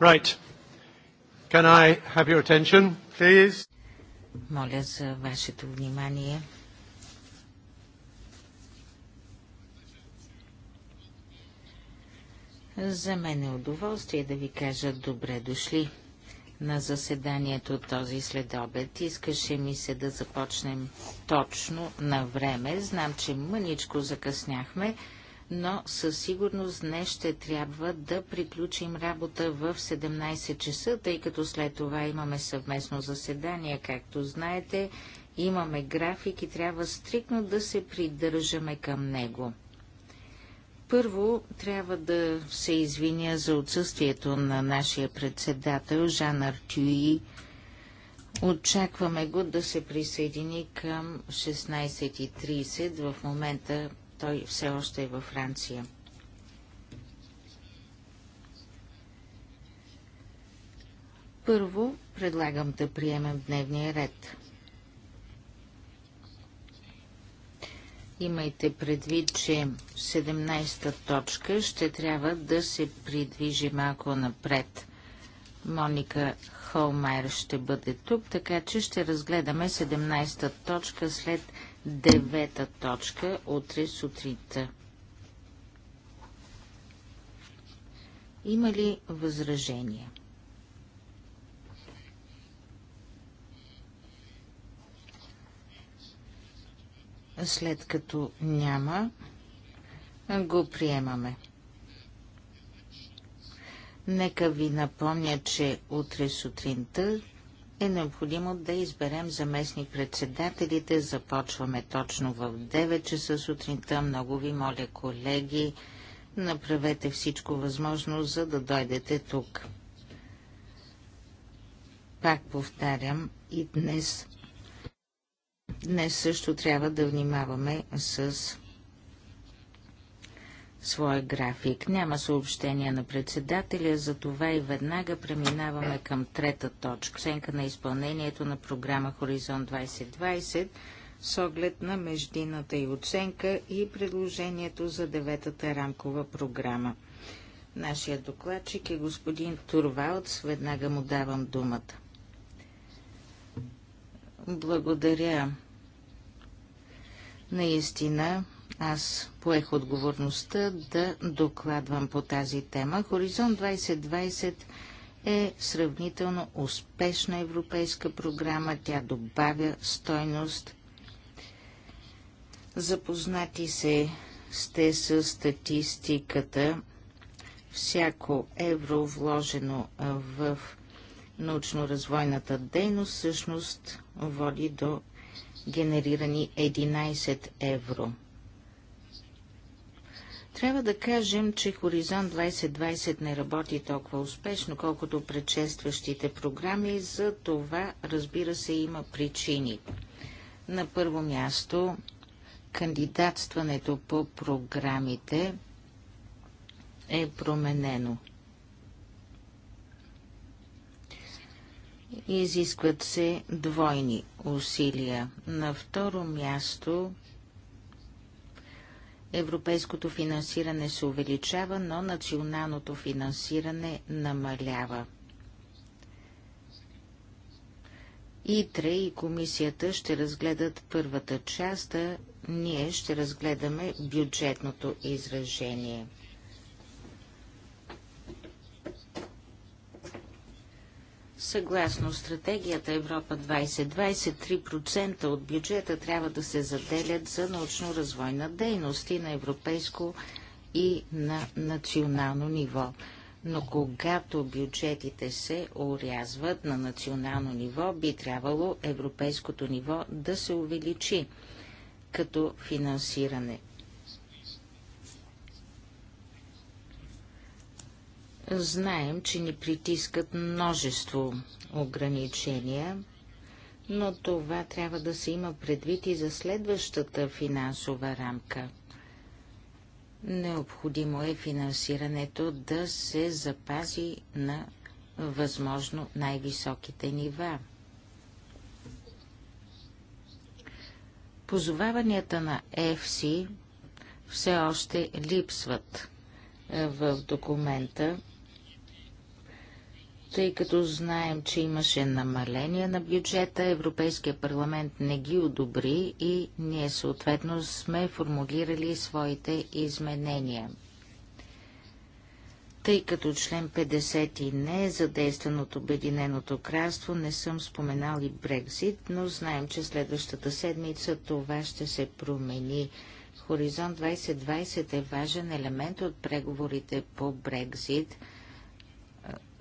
Right. Can I have your attention, please? Моля за вашето внимание. За мен е удоволствие да ви кажа добре дошли на заседанието този следобед. Искаше ми се да започнем точно на време. Знам, че мъничко закъсняхме, но със сигурност днес ще трябва да приключим работа в 17 часа, тъй като след това имаме съвместно заседание, както знаете, имаме график и трябва стрикно да се придържаме към него. Първо трябва да се извиня за отсъствието на нашия председател Жан Артюи. Очакваме го да се присъедини към 16.30. В момента той все още е във Франция. Първо предлагам да приемем дневния ред. Имайте предвид, че 17-та точка ще трябва да се придвижи малко напред. Моника Холмайер ще бъде тук, така че ще разгледаме 17-та точка след девета точка утре сутринта. Има ли възражения? След като няма, го приемаме. Нека ви напомня, че утре сутринта е необходимо да изберем заместник председателите. Започваме точно в 9 часа сутринта. Много ви моля, колеги, направете всичко възможно, за да дойдете тук. Пак повтарям и днес. Днес също трябва да внимаваме с своя график. Няма съобщения на председателя, за това и веднага преминаваме към трета точка. Оценка на изпълнението на програма Хоризонт 2020 с оглед на междината и оценка и предложението за деветата рамкова програма. Нашия докладчик е господин Турвалц. Веднага му давам думата. Благодаря. Наистина, аз поех отговорността да докладвам по тази тема. Хоризонт 2020 е сравнително успешна европейска програма. Тя добавя стойност. Запознати се сте с статистиката. Всяко евро вложено в научно-развойната дейност всъщност води до генерирани 11 евро. Трябва да кажем, че Хоризонт 2020 не работи толкова успешно, колкото предшестващите програми. За това, разбира се, има причини. На първо място, кандидатстването по програмите е променено. Изискват се двойни усилия. На второ място Европейското финансиране се увеличава, но националното финансиране намалява. ИТРЕ и комисията ще разгледат първата част, а ние ще разгледаме бюджетното изражение. Съгласно стратегията Европа 2020, 23% от бюджета трябва да се заделят за научно-развойна дейност и на европейско и на национално ниво. Но когато бюджетите се орязват на национално ниво, би трябвало европейското ниво да се увеличи като финансиране. Знаем, че ни притискат множество ограничения, но това трябва да се има предвид и за следващата финансова рамка. Необходимо е финансирането да се запази на възможно най-високите нива. Позоваванията на ЕФСИ все още липсват в документа тъй като знаем, че имаше намаление на бюджета, Европейския парламент не ги одобри и ние съответно сме формулирали своите изменения. Тъй като член 50 не е задействан от Обединеното кралство, не съм споменал и Брекзит, но знаем, че следващата седмица това ще се промени. Хоризонт 2020 е важен елемент от преговорите по Брекзит –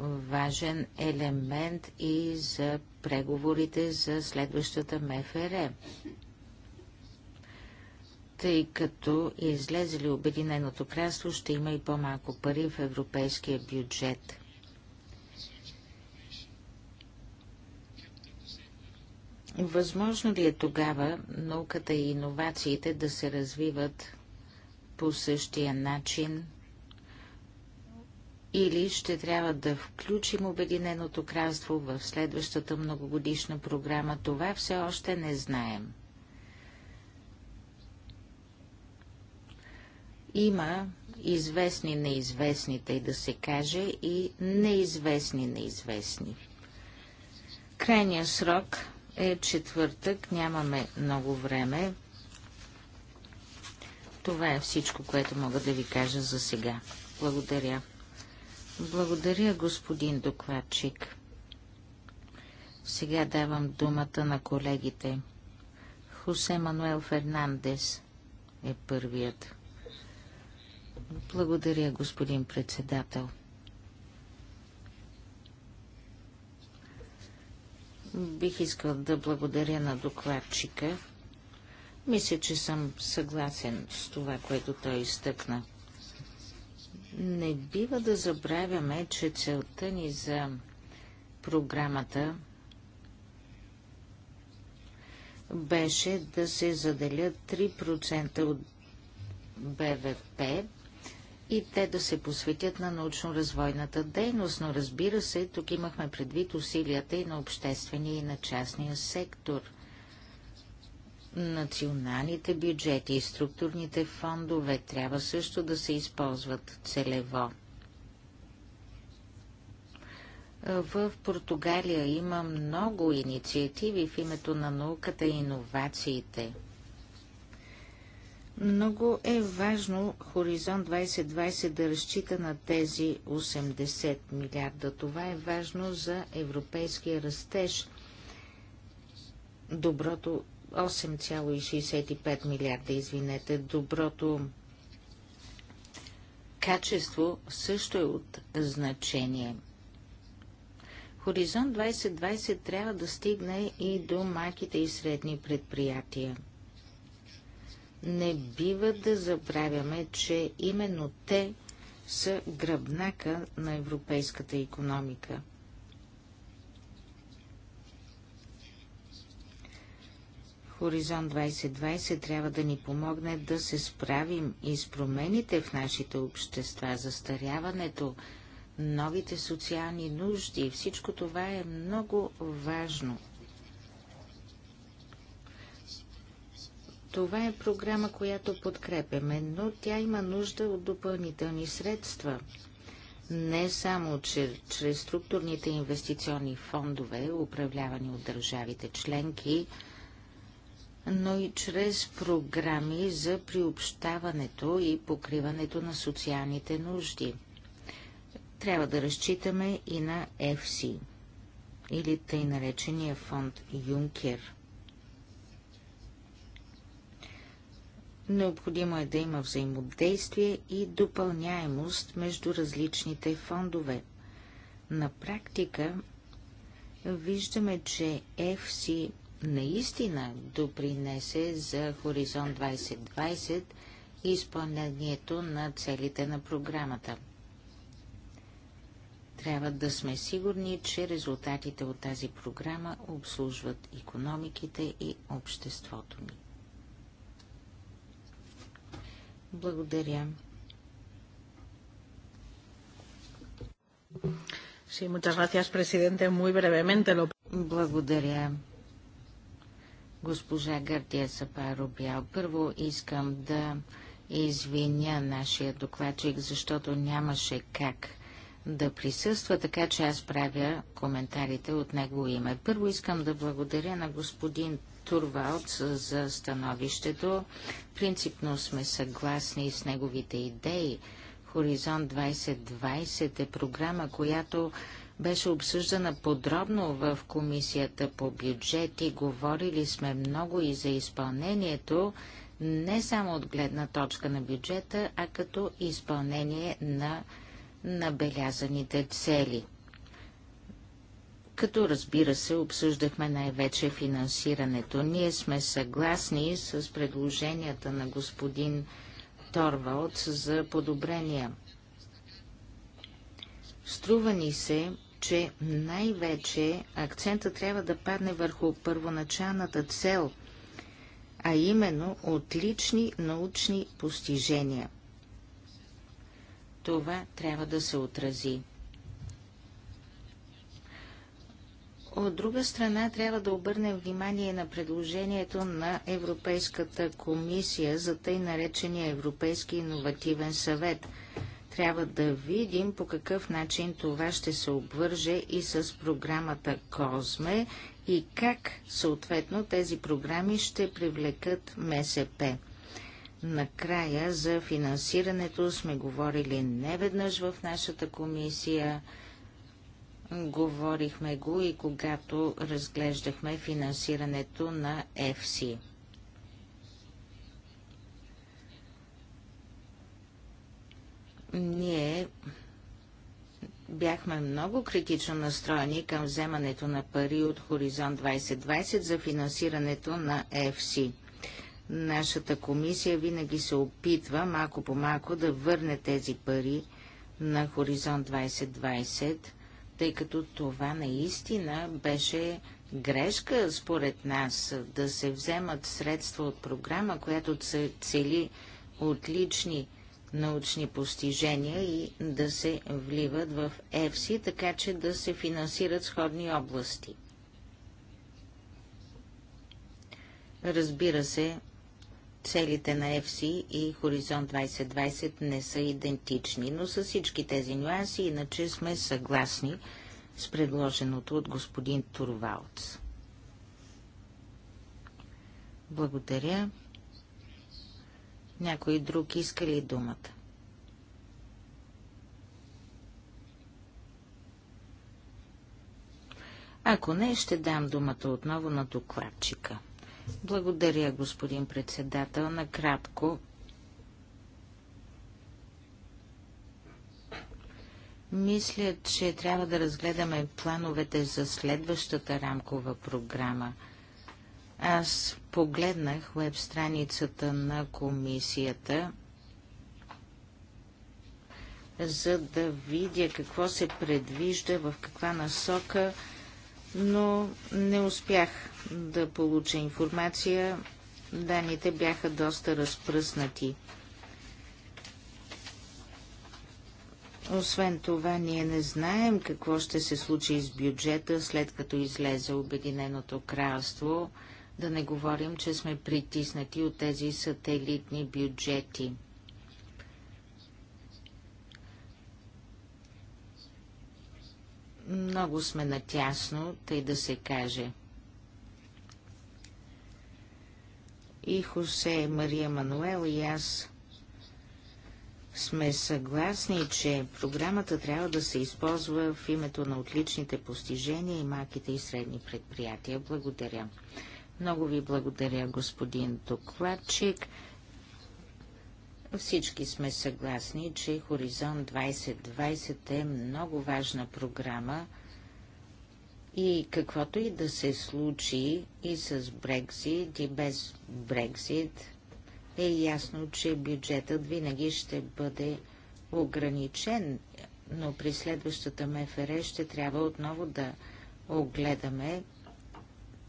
важен елемент и за преговорите за следващата МФР. Тъй като излезе ли Обединеното кралство, ще има и по-малко пари в европейския бюджет. Възможно ли е тогава науката и иновациите да се развиват по същия начин – или ще трябва да включим Обединеното кралство в следващата многогодишна програма, това все още не знаем. Има известни неизвестните и да се каже и неизвестни неизвестни. Крайният срок е четвъртък, нямаме много време. Това е всичко, което мога да ви кажа за сега. Благодаря. Благодаря, господин докладчик. Сега давам думата на колегите. Хосе Мануел Фернандес е първият. Благодаря, господин председател. Бих искал да благодаря на докладчика. Мисля, че съм съгласен с това, което той изтъкна. Не бива да забравяме, че целта ни за програмата беше да се заделят 3% от БВП и те да се посветят на научно-развойната дейност, но разбира се, тук имахме предвид усилията и на обществения и на частния сектор – Националните бюджети и структурните фондове трябва също да се използват целево. В Португалия има много инициативи в името на науката и иновациите. Много е важно Хоризонт 2020 да разчита на тези 80 милиарда. Това е важно за европейския растеж. Доброто 8,65 милиарда, извинете. Доброто качество също е от значение. Хоризонт 2020 трябва да стигне и до малките и средни предприятия. Не бива да забравяме, че именно те са гръбнака на европейската економика. Хоризонт 2020 трябва да ни помогне да се справим и с промените в нашите общества, застаряването, новите социални нужди. Всичко това е много важно. Това е програма, която подкрепяме, но тя има нужда от допълнителни средства. Не само че, чрез структурните инвестиционни фондове, управлявани от държавите членки, но и чрез програми за приобщаването и покриването на социалните нужди. Трябва да разчитаме и на FC или тъй наречения фонд Юнкер. Необходимо е да има взаимодействие и допълняемост между различните фондове. На практика виждаме, че FC наистина допринесе за Хоризонт 2020 и изпълнението на целите на програмата. Трябва да сме сигурни, че резултатите от тази програма обслужват економиките и обществото ни. Благодаря. Sí, muchas gracias, presidente. Muy brevemente lo... Благодаря, госпожа Гардия Сапаро Бял. Първо искам да извиня нашия докладчик, защото нямаше как да присъства, така че аз правя коментарите от него име. Първо искам да благодаря на господин Турвалц за становището. Принципно сме съгласни с неговите идеи. Хоризонт 2020 е програма, която беше обсъждана подробно в Комисията по бюджет и говорили сме много и за изпълнението, не само от гледна точка на бюджета, а като изпълнение на набелязаните цели. Като разбира се, обсъждахме най-вече финансирането. Ние сме съгласни с предложенията на господин Торвалд за подобрения. Струва ни се, че най-вече акцента трябва да падне върху първоначалната цел, а именно отлични научни постижения. Това трябва да се отрази. От друга страна, трябва да обърнем внимание на предложението на Европейската комисия за тъй наречения Европейски иновативен съвет – трябва да видим по какъв начин това ще се обвърже и с програмата Козме и как съответно тези програми ще привлекат МСП. Накрая за финансирането сме говорили неведнъж в нашата комисия. Говорихме го и когато разглеждахме финансирането на ЕФСИ. Ние бяхме много критично настроени към вземането на пари от Хоризонт 2020 за финансирането на ЕФСИ. Нашата комисия винаги се опитва малко по малко да върне тези пари на Хоризонт 2020, тъй като това наистина беше грешка според нас да се вземат средства от програма, която цели отлични научни постижения и да се вливат в ЕФСИ, така че да се финансират сходни области. Разбира се, целите на ЕФСИ и Хоризонт 2020 не са идентични, но с всички тези нюанси иначе сме съгласни с предложеното от господин Турвалц. Благодаря. Някой друг иска ли думата? Ако не, ще дам думата отново на докладчика. Благодаря, господин председател. Накратко. Мисля, че трябва да разгледаме плановете за следващата рамкова програма – аз погледнах веб страницата на комисията, за да видя какво се предвижда, в каква насока, но не успях да получа информация. Даните бяха доста разпръснати. Освен това, ние не знаем какво ще се случи с бюджета, след като излезе Обединеното кралство – да не говорим, че сме притиснати от тези сателитни бюджети. Много сме натясно, тъй да се каже. И Хосе, Мария Мануел и аз сме съгласни, че програмата трябва да се използва в името на отличните постижения и малките и средни предприятия. Благодаря. Много ви благодаря, господин докладчик. Всички сме съгласни, че Хоризонт 2020 е много важна програма и каквото и да се случи и с Брекзит, и без Брекзит, е ясно, че бюджетът винаги ще бъде ограничен, но при следващата МФР ще трябва отново да огледаме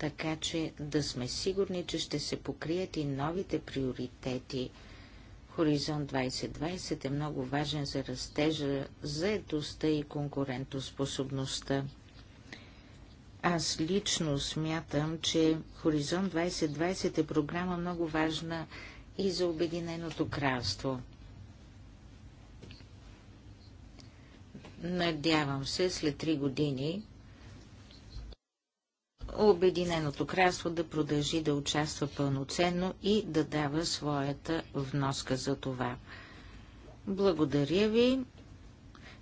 така че да сме сигурни, че ще се покрият и новите приоритети. Хоризонт 2020 е много важен за растежа, заедостта и конкурентоспособността. Аз лично смятам, че Хоризонт 2020 е програма много важна и за Обединеното кралство. Надявам се след три години Обединеното кралство да продължи да участва пълноценно и да дава своята вноска за това. Благодаря ви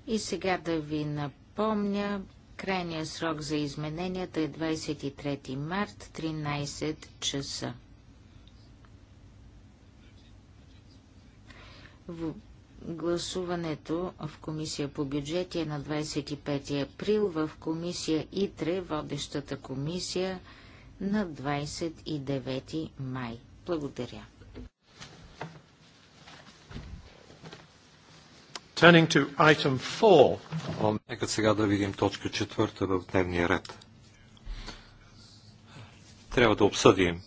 и сега да ви напомня, крайният срок за измененията е 23 март, 13 часа. Гласуването в Комисия по бюджет е на 25 април, в Комисия ИТРЕ, водещата комисия, на 29 май. Благодаря. Нека сега да видим точка четвърта в дневния ред. Трябва да обсъдим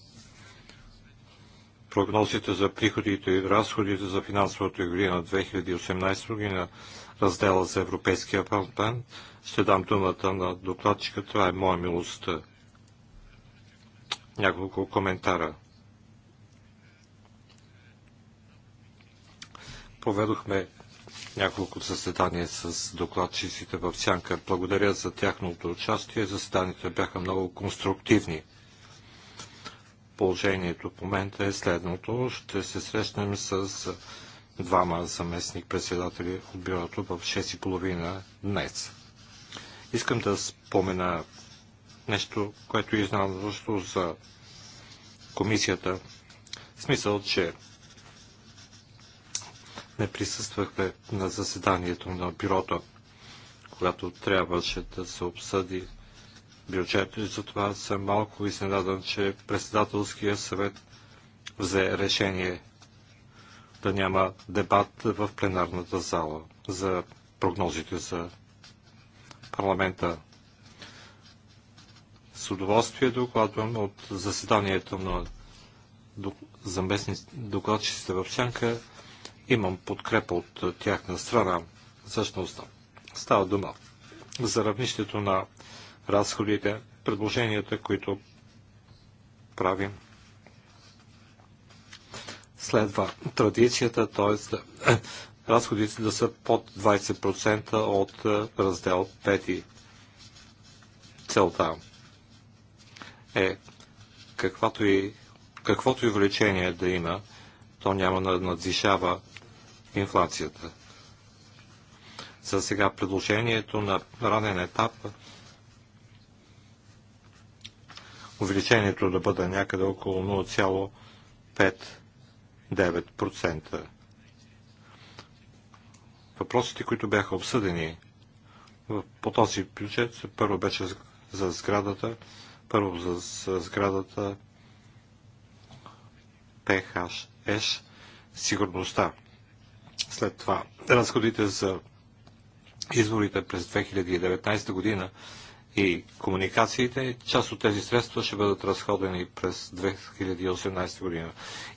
прогнозите за приходите и разходите за финансовата година 2018 година, раздела за Европейския парламент. Ще дам думата на докладчика. Това е моя милост. Няколко коментара. Поведохме няколко заседания с докладчиците в Сянка. Благодаря за тяхното участие. Заседанията бяха много конструктивни. Положението в момента е следното. Ще се срещнем с двама заместник председатели от бюрото в 6.30 днес. Искам да спомена нещо, което е изненадващо за комисията. В смисъл, че не присъствахме на заседанието на бюрото, когато трябваше да се обсъди бюджет. И затова съм малко изненадан, че председателския съвет взе решение да няма дебат в пленарната зала за прогнозите за парламента. С удоволствие докладвам от заседанието на заместни докладчиците в Сянка. Имам подкрепа от тяхна страна. Всъщност става дума за равнището на разходите, предложенията, които правим. Следва традицията, т.е. разходите да са под 20% от е, раздел 5. Целта е каквото и, каквото и увеличение да има, то няма да надзишава инфлацията. За сега предложението на ранен етап увеличението да бъде някъде около 0,5-9%. Въпросите, които бяха обсъдени по този бюджет, първо беше за сградата, първо за сградата PHS, сигурността. След това разходите за изборите през 2019 година и комуникациите. Част от тези средства ще бъдат разходени през 2018 година.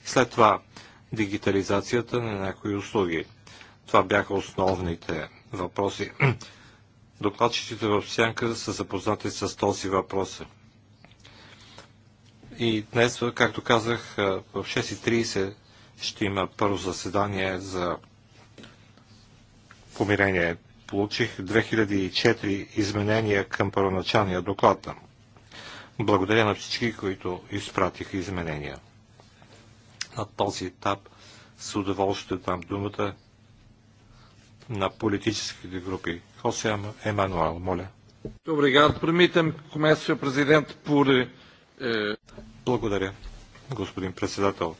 И след това дигитализацията на някои услуги. Това бяха основните въпроси. Докладчиците в Сянка са запознати с този въпрос. И днес, както казах, в 6.30 ще има първо заседание за помирение получих 2004 изменения към първоначалния доклад. Благодаря на всички, които изпратиха изменения. На този етап с удоволствие дам думата на политическите групи. Хосе Емануел, моля. Добре, гад, me комесия президент Пури. Е, Благодаря, господин председател.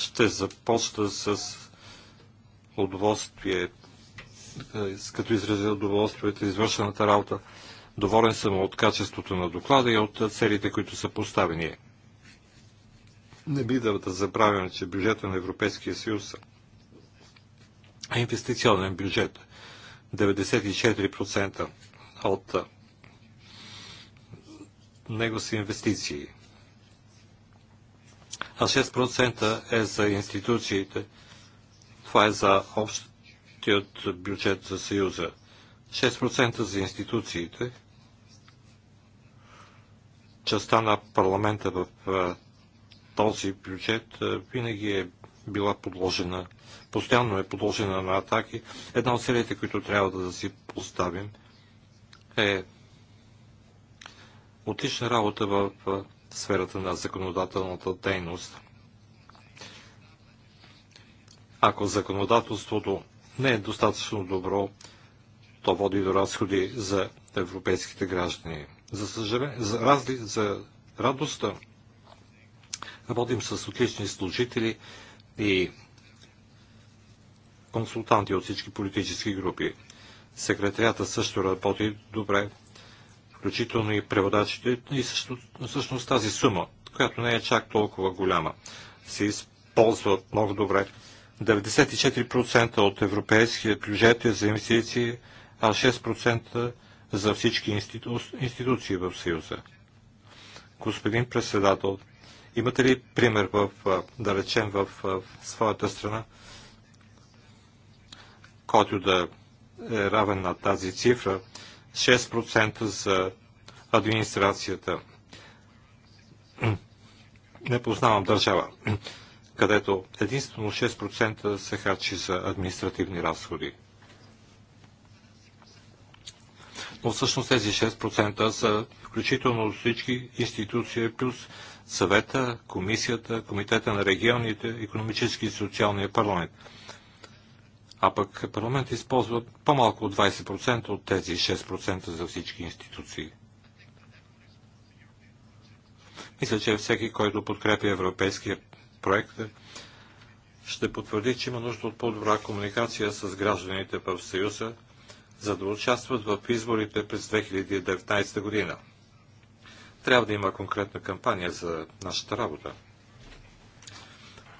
Ще започна с удоволствие, е, като изразя удоволствието извършената работа. Доволен съм от качеството на доклада и от целите, които са поставени. Не би да, да че бюджета на Европейския съюз е инвестиционен бюджет. 94% от него са инвестиции а 6% е за институциите. Това е за общият бюджет за Съюза. 6% за институциите. Частта на парламента в този бюджет винаги е била подложена, постоянно е подложена на атаки. Една от целите, които трябва да си поставим е отлична работа в сферата на законодателната дейност. Ако законодателството не е достатъчно добро, то води до разходи за европейските граждани. За, съжаление, за, разли, за радостта, работим с отлични служители и консултанти от всички политически групи. Секретарията също работи добре включително и преводачите. И също, всъщност тази сума, която не е чак толкова голяма, се използва много добре. 94% от европейския бюджет е за инвестиции, а 6% за всички институ... институции в Съюза. Господин председател, имате ли пример, в, да речем, в, в своята страна, който да е равен на тази цифра 6% за администрацията. Не познавам държава, където единствено 6% се харчи за административни разходи. Но всъщност тези 6% са включително от всички институции, плюс съвета, комисията, комитета на регионите, економически и социалния парламент а пък парламент използва по-малко от 20% от тези 6% за всички институции. Мисля, че всеки, който подкрепи европейския проект, ще потвърди, че има нужда от по-добра комуникация с гражданите в Съюза, за да участват в изборите през 2019 година. Трябва да има конкретна кампания за нашата работа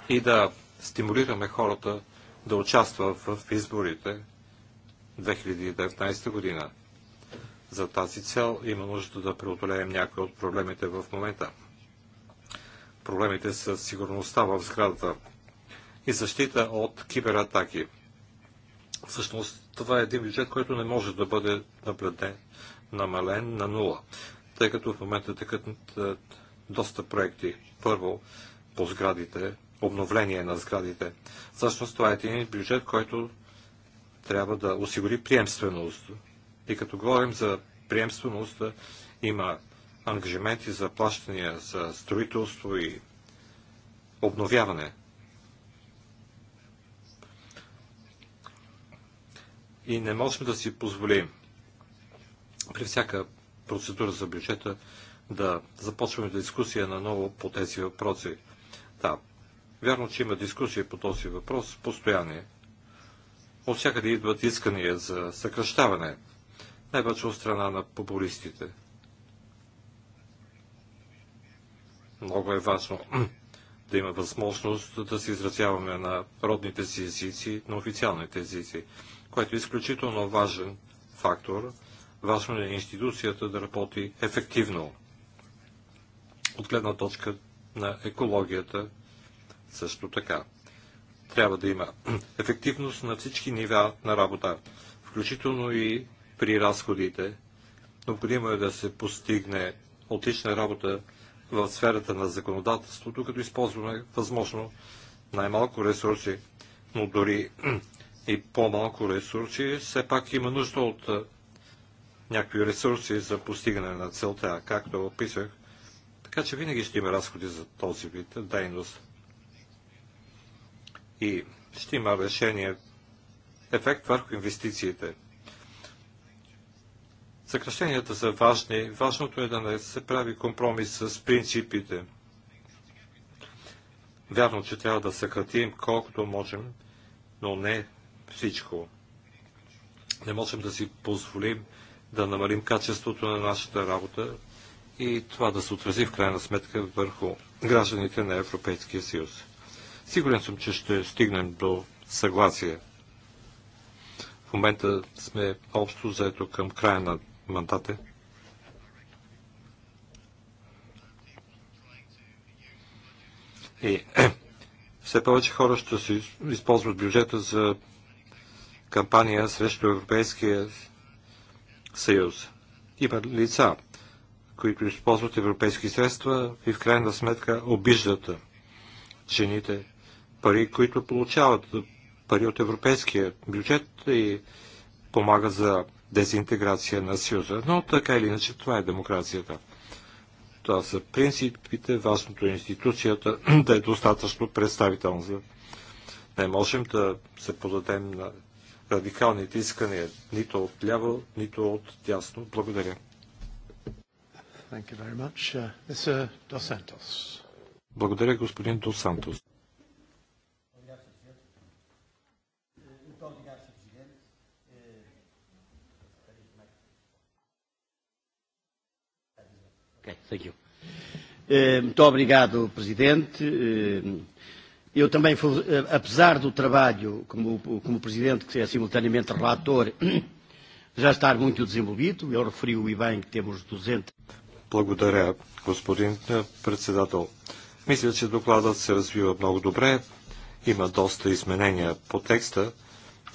и да стимулираме хората да участва в изборите 2019 година. За тази цел има нужда да преодолеем някои от проблемите в момента. Проблемите с сигурността в сградата и защита от кибератаки. Всъщност това е един бюджет, който не може да бъде наблюден, намален на нула, тъй като в момента тъкат е, доста проекти. Първо, по сградите обновление на сградите. Всъщност това е един бюджет, който трябва да осигури приемственост. И като говорим за приемственост, има ангажименти за плащания за строителство и обновяване. И не можем да си позволим при всяка процедура за бюджета да започваме дискусия на ново по тези въпроси. Да, Вярно, че има дискусия по този въпрос, постоянни. От всякъде идват искания за съкръщаване, най-вече от страна на популистите. Много е важно да има възможност да се изразяваме на родните си езици, на официалните езици, което е изключително важен фактор. Важно е институцията да работи ефективно от гледна точка на екологията също така, трябва да има ефективност на всички нива на работа, включително и при разходите. Необходимо е да се постигне отлична работа в сферата на законодателството, като използваме възможно най-малко ресурси, но дори и по-малко ресурси, все пак има нужда от някакви ресурси за постигане на целта, както описах. Така че винаги ще има разходи за този вид дейност и ще има решение ефект върху инвестициите. Съкращенията са важни. Важното е да не се прави компромис с принципите. Вярно, че трябва да съкратим колкото можем, но не всичко. Не можем да си позволим да намалим качеството на нашата работа и това да се отрази в крайна сметка върху гражданите на Европейския съюз. Сигурен съм, че ще стигнем до съгласие. В момента сме общо заето към края на мандата. И все повече хора ще се използват бюджета за кампания срещу Европейския съюз. Има лица, които използват европейски средства и в крайна сметка обиждат жените пари, които получават пари от европейския бюджет и помага за дезинтеграция на Съюза. Но така или иначе това е демокрацията. Това са принципите, важното е институцията да е достатъчно представителна. Не можем да се подадем на радикалните искания нито от ляво, нито от дясно. Благодаря. Uh, Благодаря, господин Дос Сантос. Okay, thank you. Muito obrigado, Presidente. Eu também, apesar do trabalho como, como Presidente, que é simultaneamente relator, já estar muito desenvolvido, eu referi-o e bem que temos 200. Благодаря, господин председател. Мисля, че докладът се развива много добре. Има доста изменения по текста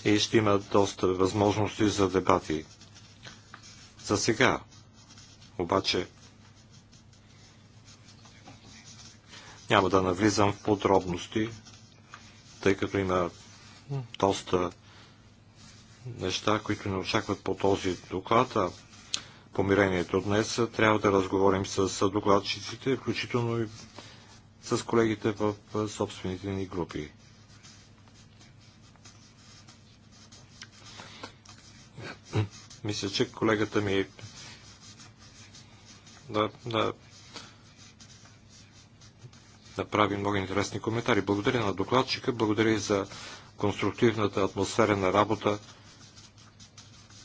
и ще има доста възможности за дебати. За сега, обаче, Няма да навлизам в подробности, тъй като има доста неща, които не очакват по този доклад, а помирението днес трябва да разговорим с докладчиците, включително и с колегите в собствените ни групи. Мисля, че колегата ми е- да, да, направи много интересни коментари. Благодаря на докладчика, благодаря и за конструктивната атмосфера на работа.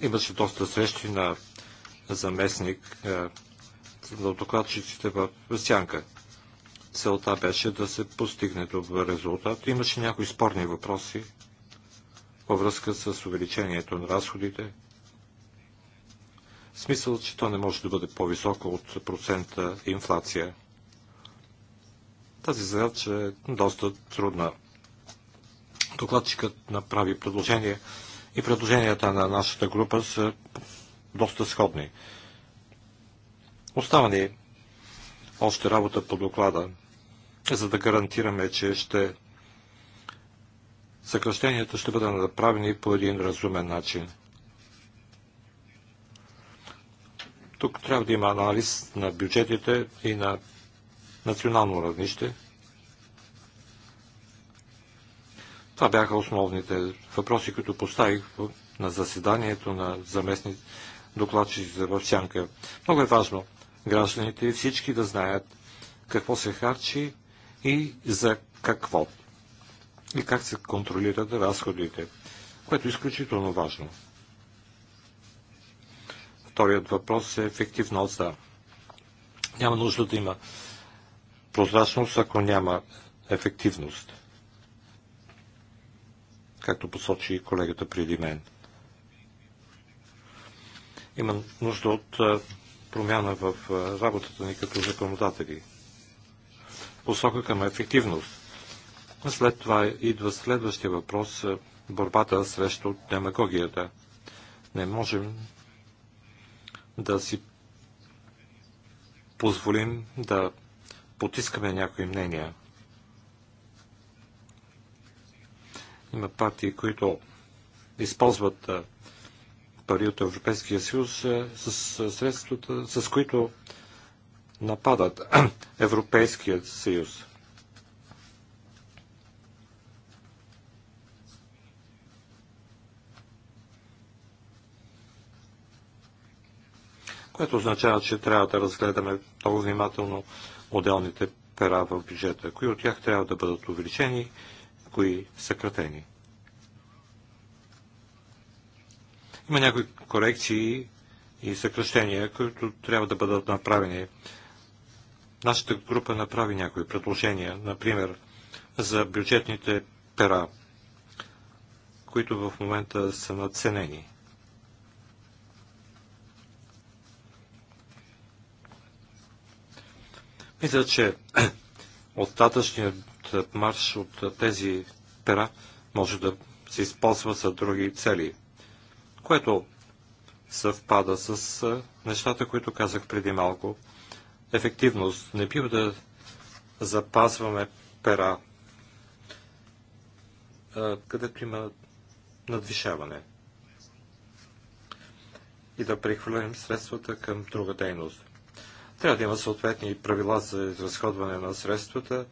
Имаше доста срещи на заместник е, на докладчиците в Сянка. Целта беше да се постигне добър резултат. Имаше някои спорни въпроси във връзка с увеличението на разходите. В смисъл, че то не може да бъде по-високо от процента инфлация. Тази задача е доста трудна. Докладчикът направи предложение и предложенията на нашата група са доста сходни. Остава ни още работа по доклада, за да гарантираме, че ще съкръщенията ще бъдат направени по един разумен начин. Тук трябва да има анализ на бюджетите и на национално равнище. Това бяха основните въпроси, които поставих на заседанието на заместни докладчици за Сянка. Много е важно гражданите и всички да знаят какво се харчи и за какво. И как се контролират разходите, което е изключително важно. Вторият въпрос е ефективността. Няма нужда да има прозрачност, ако няма ефективност, както посочи колегата преди мен. Има нужда от промяна в работата ни като законодатели. Посока към ефективност. След това идва следващия въпрос – борбата срещу демагогията. Не можем да си позволим да потискаме някои мнения. Има партии, които използват пари от Европейския съюз с средствата, с които нападат Европейският съюз. което означава, че трябва да разгледаме много внимателно отделните пера в бюджета? Кои от тях трябва да бъдат увеличени, кои съкратени? Има някои корекции и съкръщения, които трябва да бъдат направени. Нашата група направи някои предложения, например, за бюджетните пера, които в момента са надценени. Мисля, че остатъчният марш от тези пера може да се използва за други цели, което съвпада с нещата, които казах преди малко. Ефективност. Не бива да запазваме пера, където има надвишаване и да прехвърлям средствата към друга дейност. Трябва да има съответни правила за изразходване на средствата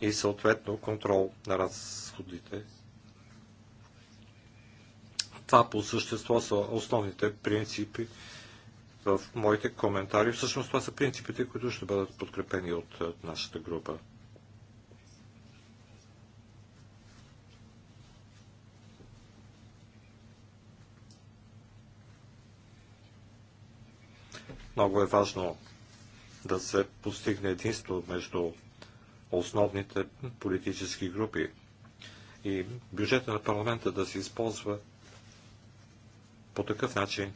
и съответно контрол на разходите. Това по същество са основните принципи в моите коментари. Всъщност това са принципите, които ще бъдат подкрепени от нашата група. Много е важно да се постигне единство между основните политически групи и бюджета на парламента да се използва по такъв начин,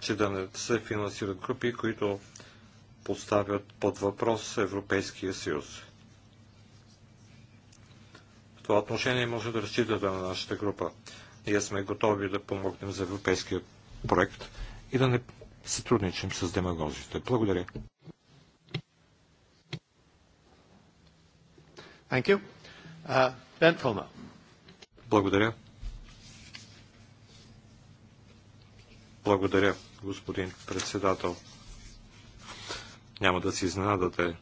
че да не се финансират групи, които поставят под въпрос Европейския съюз. В това отношение може да разчитате на нашата група. Ние сме готови да помогнем за европейския проект и да не сътрудничим с демагозите. Благодаря. Thank you. Uh, Bent Fulmer. Благодаря. Благодаря, господин председател. Няма да се изненадате,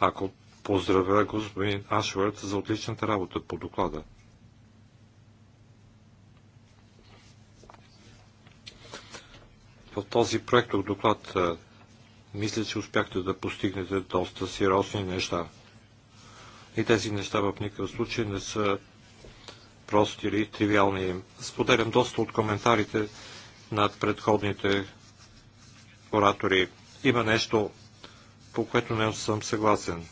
ако поздравя господин Ашвард за отличната работа по доклада. в този проектов доклад мисля, че успяхте да постигнете доста сериозни неща. И тези неща в никакъв случай не са прости или тривиални. Споделям доста от коментарите на предходните оратори. Има нещо, по което не съм съгласен.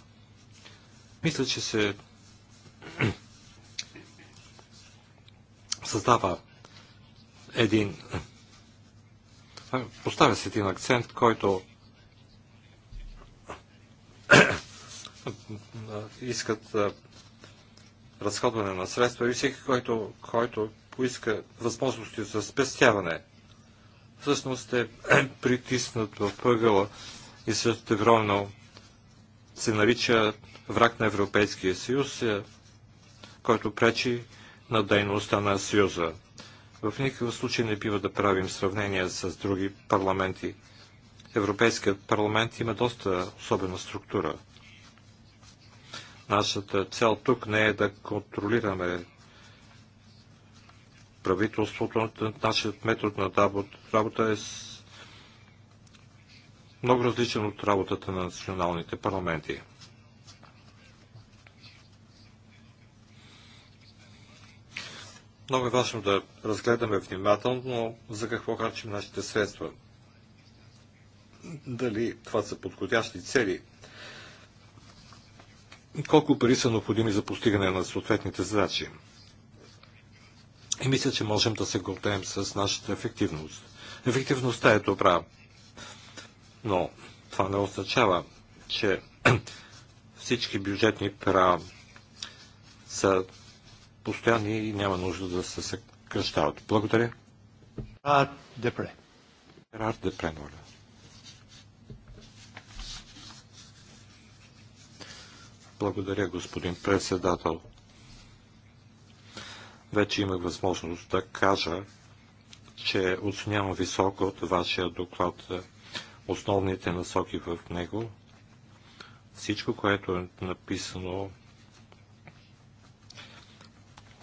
Мисля, че се създава един поставя се един акцент, който искат разходване на средства и всеки, който, който поиска възможности за спестяване, всъщност е притиснат в пъгъла и също времено се нарича враг на Европейския съюз, е, който пречи на дейността на Съюза. В никакъв случай не бива да правим сравнения с други парламенти. Европейският парламент има доста особена структура. Нашата цел тук не е да контролираме правителството. Нашият метод на работа е много различен от работата на националните парламенти. Много е важно да разгледаме внимателно за какво харчим нашите средства. Дали това са подходящи цели? Колко пари са необходими за постигане на съответните задачи? И мисля, че можем да се гордеем с нашата ефективност. Ефективността е добра, но това не означава, че всички бюджетни пера са постоянни и няма нужда да се съкръщават. Благодаря. Рад Депре. Депре, моля. Благодаря, господин председател. Вече имах възможност да кажа, че оценявам високо от вашия доклад основните насоки в него. Всичко, което е написано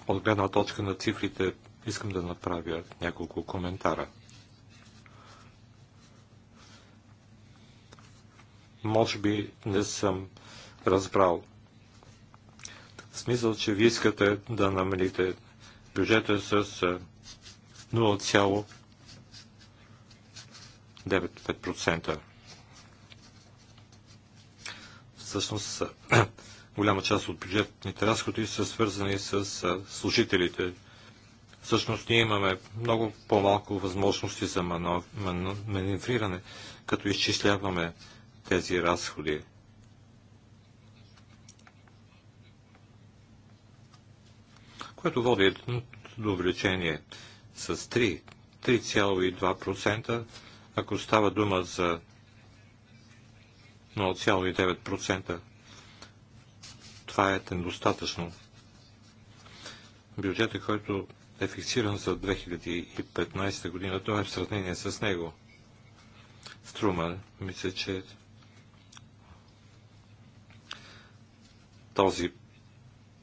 от гледна точка на цифрите искам да направя няколко коментара. Може би не съм разбрал. В смисъл, че ви искате да намалите бюджета с 0,95%. Всъщност Голяма част от бюджетните разходи са свързани с служителите. Всъщност ние имаме много по-малко възможности за маневриране, като изчисляваме тези разходи. Което води до увеличение с 3,2%, ако става дума за 0,9% това е недостатъчно. Бюджетът, който е фиксиран за 2015 година, то е в сравнение с него. Струма, мисля, че този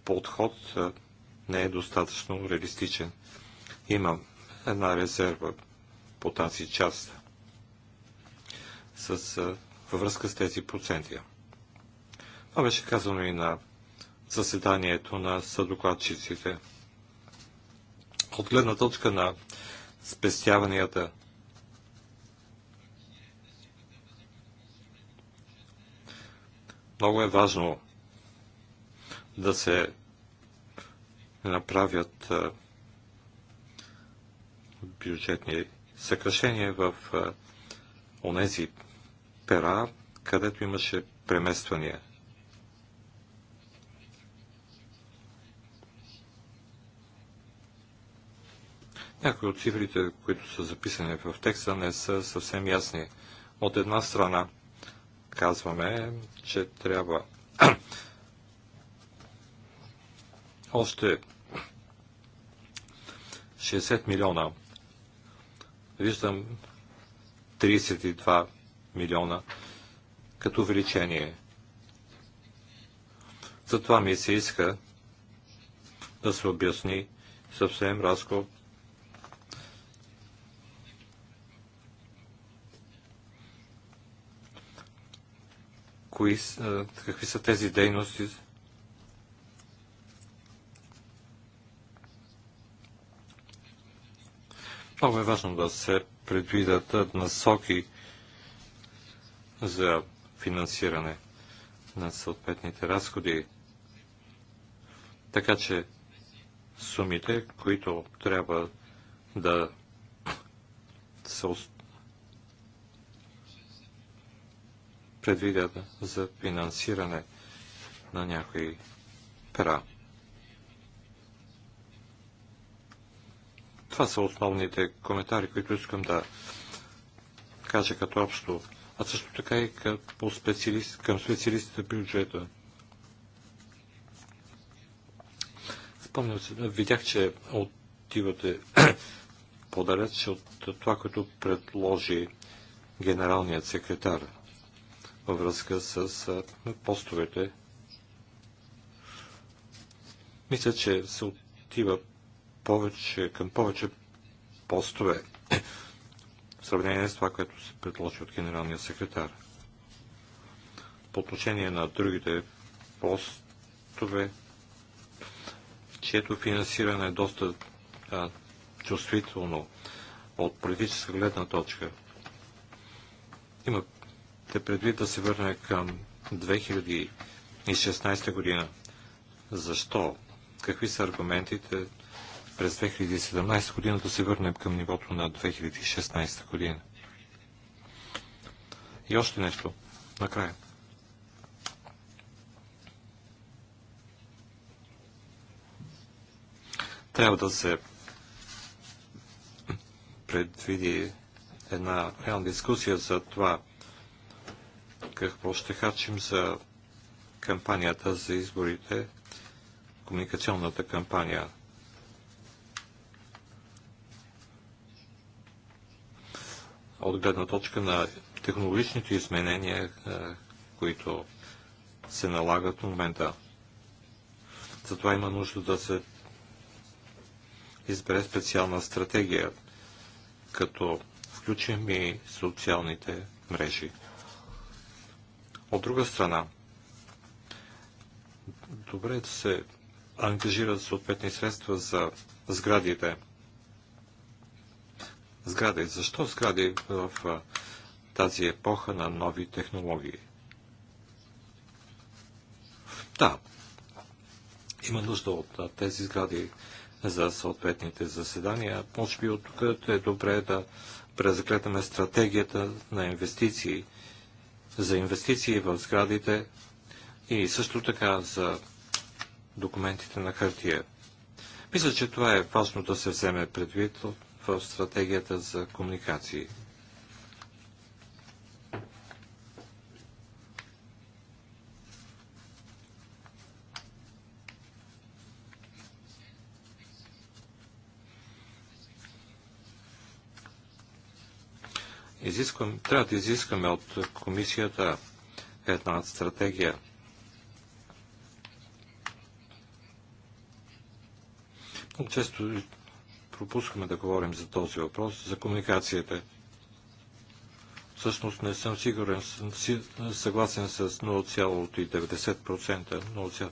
подход не е достатъчно реалистичен. Имам една резерва по тази част с, във връзка с тези проценти. Това беше казано и на заседанието на съдокладчиците. От гледна точка на спестяванията много е важно да се направят бюджетни съкрашения в онези пера, където имаше премествания – Някои от цифрите, които са записани в текста, не са съвсем ясни. От една страна казваме, че трябва още 60 милиона. Виждам 32 милиона като увеличение. Затова ми се иска да се обясни съвсем разко кои, какви са тези дейности. Много е важно да се предвидат насоки за финансиране на съответните разходи. Така че сумите, които трябва да се предвидят за финансиране на някои пера. Това са основните коментари, които искам да кажа като общо, а също така и към, специалист, към специалистите бюджета. Спомням се, видях, че отивате по-далеч от това, което предложи генералният секретар във връзка с постовете. Мисля, че се отива повече, към повече постове в сравнение с това, което се предложи от генералния секретар. По отношение на другите постове, чието финансиране е доста а, чувствително от политическа гледна точка, има те предвид да се върне към 2016 година. Защо? Какви са аргументите през 2017 година да се върнем към нивото на 2016 година? И още нещо. Накрая. Трябва да се предвиди една реална дискусия за това какво ще хачим за кампанията за изборите, комуникационната кампания. От гледна точка на технологичните изменения, е, които се налагат в момента. Затова има нужда да се избере специална стратегия, като включим и социалните мрежи. От друга страна, добре е да се ангажират съответни средства за сградите. Сгради. Защо сгради в тази епоха на нови технологии? Да, има нужда от тези сгради за съответните заседания. Може би от тук е добре да презагледаме стратегията на инвестиции – за инвестиции в сградите и също така за документите на хартия. Мисля, че това е важно да се вземе предвид в стратегията за комуникации. изискам, трябва да изискаме от комисията една стратегия. Много често пропускаме да говорим за този въпрос, за комуникацията. Всъщност не съм сигурен, съм съгласен с 0,90%.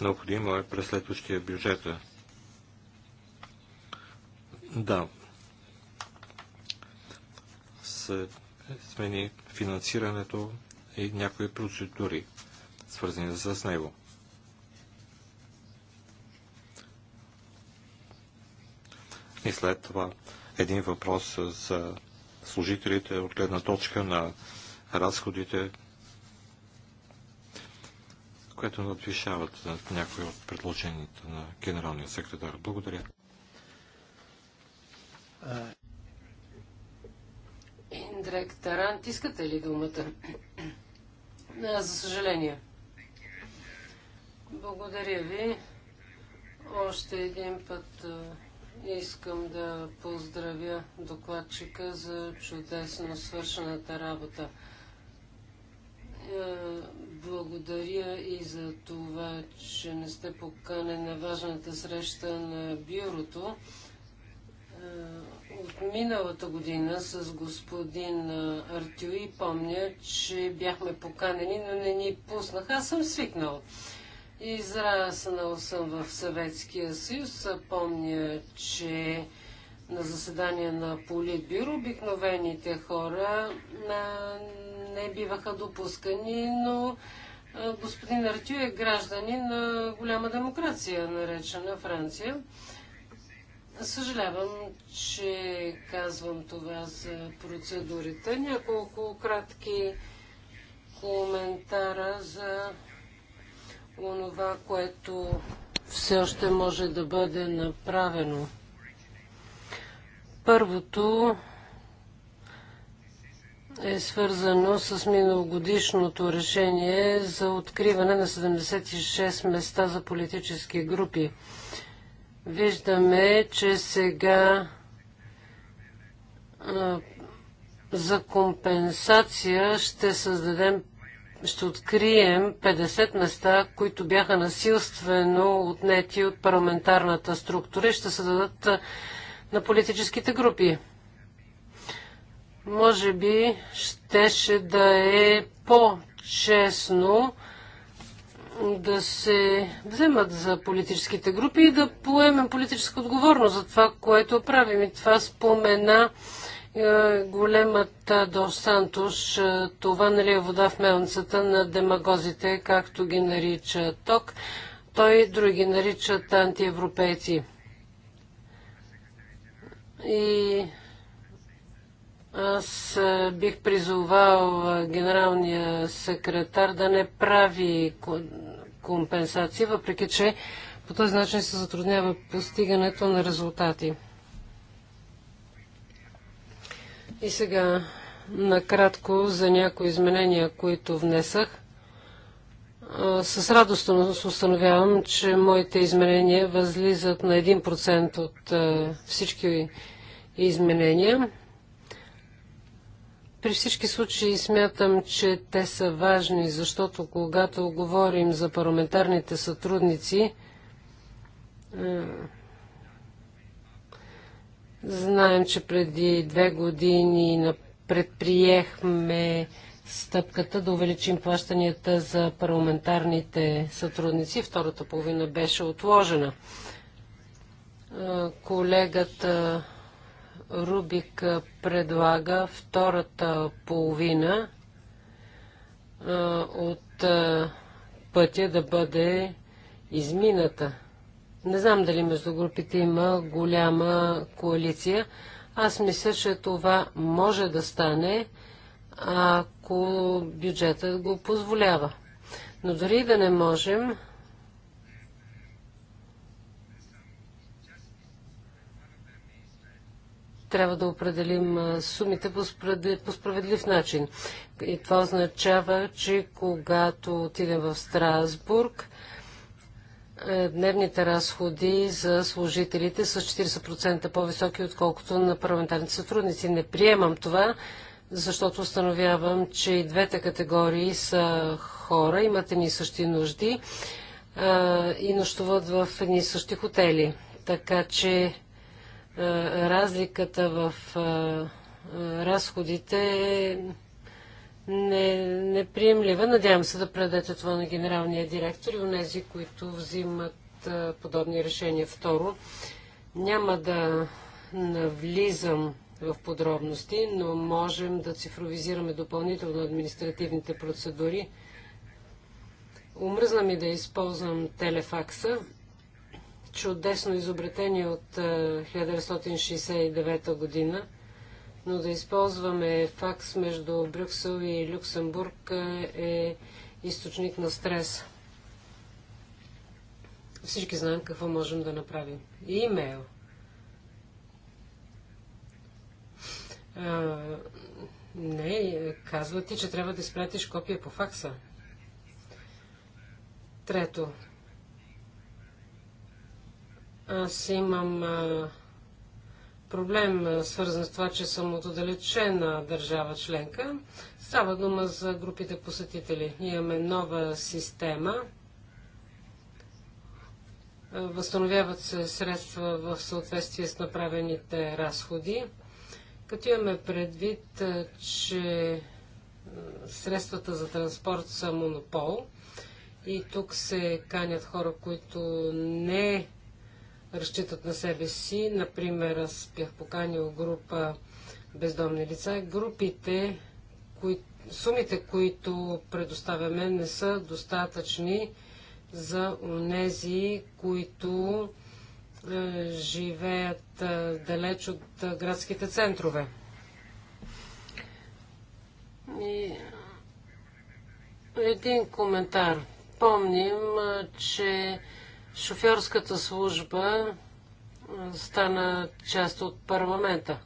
Необходимо е през следващия бюджет да се смени финансирането и някои процедури, свързани с него. И след това един въпрос за служителите от гледна точка на разходите, което надвишават на някои от предложенията на генералния секретар. Благодаря. Индрек Тарант, искате ли думата? Да, за съжаление. Благодаря ви. Още един път искам да поздравя докладчика за чудесно свършената работа. Благодаря и за това, че не сте поканен на важната среща на бюрото миналата година с господин Артюи. Помня, че бяхме поканени, но не ни пуснаха. Аз съм свикнал. Израснал съм в Съветския съюз. Помня, че на заседание на Политбюро обикновените хора не биваха допускани, но господин Артю е гражданин на голяма демокрация, наречена Франция. Съжалявам, че казвам това за процедурите. Няколко кратки коментара за онова, което все още може да бъде направено. Първото е свързано с миналогодишното решение за откриване на 76 места за политически групи. Виждаме, че сега за компенсация ще създадем, ще открием 50 места, които бяха насилствено отнети от парламентарната структура и ще се дадат на политическите групи. Може би щеше да е по-честно да се вземат за политическите групи и да поемем политическа отговорност за това, което правим. И това спомена е, големата До Сантош. Е, това нали е вода в мелницата на демагозите, както ги нарича Ток. Той други наричат антиевропейци. И аз бих призовал генералния секретар да не прави компенсации, въпреки че по този начин се затруднява постигането на резултати. И сега накратко за някои изменения, които внесах. С радост установявам, че моите изменения възлизат на 1% от всички изменения. При всички случаи смятам, че те са важни, защото когато говорим за парламентарните сътрудници, е, знаем, че преди две години предприехме стъпката да увеличим плащанията за парламентарните сътрудници. Втората половина беше отложена. Е, колегата Рубик предлага втората половина от пътя да бъде измината. Не знам дали между групите има голяма коалиция. Аз мисля, че това може да стане, ако бюджетът го позволява. Но дори да не можем, трябва да определим сумите по, справедлив начин. И това означава, че когато отидем в Страсбург, е, дневните разходи за служителите са 40% по-високи, отколкото на парламентарните сътрудници. Не приемам това, защото установявам, че и двете категории са хора, имат едни същи нужди и нощуват в едни същи хотели. Така че е, разликата в е, е, разходите е не, неприемлива. Надявам се да предадете това на генералния директор и унези, които взимат подобни решения. Второ, няма да навлизам в подробности, но можем да цифровизираме допълнително административните процедури. Умръзна ми да използвам телефакса, чудесно изобретение от 1969 е, година, но да използваме факс между Брюксел и Люксембург е, е източник на стрес. Всички знаем какво можем да направим. И имейл. А, не, казва ти, че трябва да изпратиш копия по факса. Трето, аз имам а, проблем, свързан с това, че съм от отдалечена държава членка. Става дума за групите посетители. Имаме нова система. Възстановяват се средства в съответствие с направените разходи. Като имаме предвид, че средствата за транспорт са монопол и тук се канят хора, които не разчитат на себе си. Например, аз бях поканил група бездомни лица. Групите, кои, сумите, които предоставяме, не са достатъчни за онези, които е, живеят е, далеч от е, градските центрове. И... Е, един коментар. Помним, е, че Шофьорската служба стана част от парламента.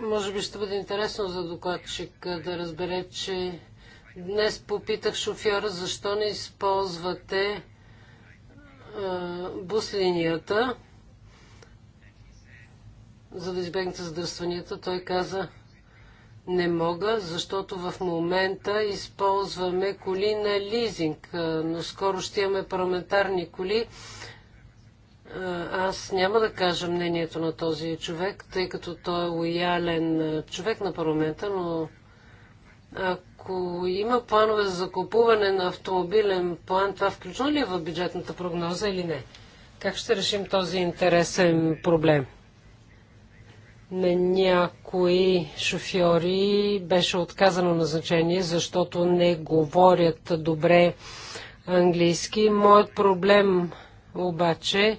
Може би ще бъде интересно за докладчик да разбере, че днес попитах шофьора защо не използвате бус линията, за да избегнете задръстванията. Той каза, не мога, защото в момента използваме коли на лизинг, но скоро ще имаме парламентарни коли. Аз няма да кажа мнението на този човек, тъй като той е лоялен човек на парламента, но ако има планове за закупуване на автомобилен план, това включено ли е в бюджетната прогноза или не? Как ще решим този интересен проблем? на някои шофьори беше отказано назначение, защото не говорят добре английски. Моят проблем обаче,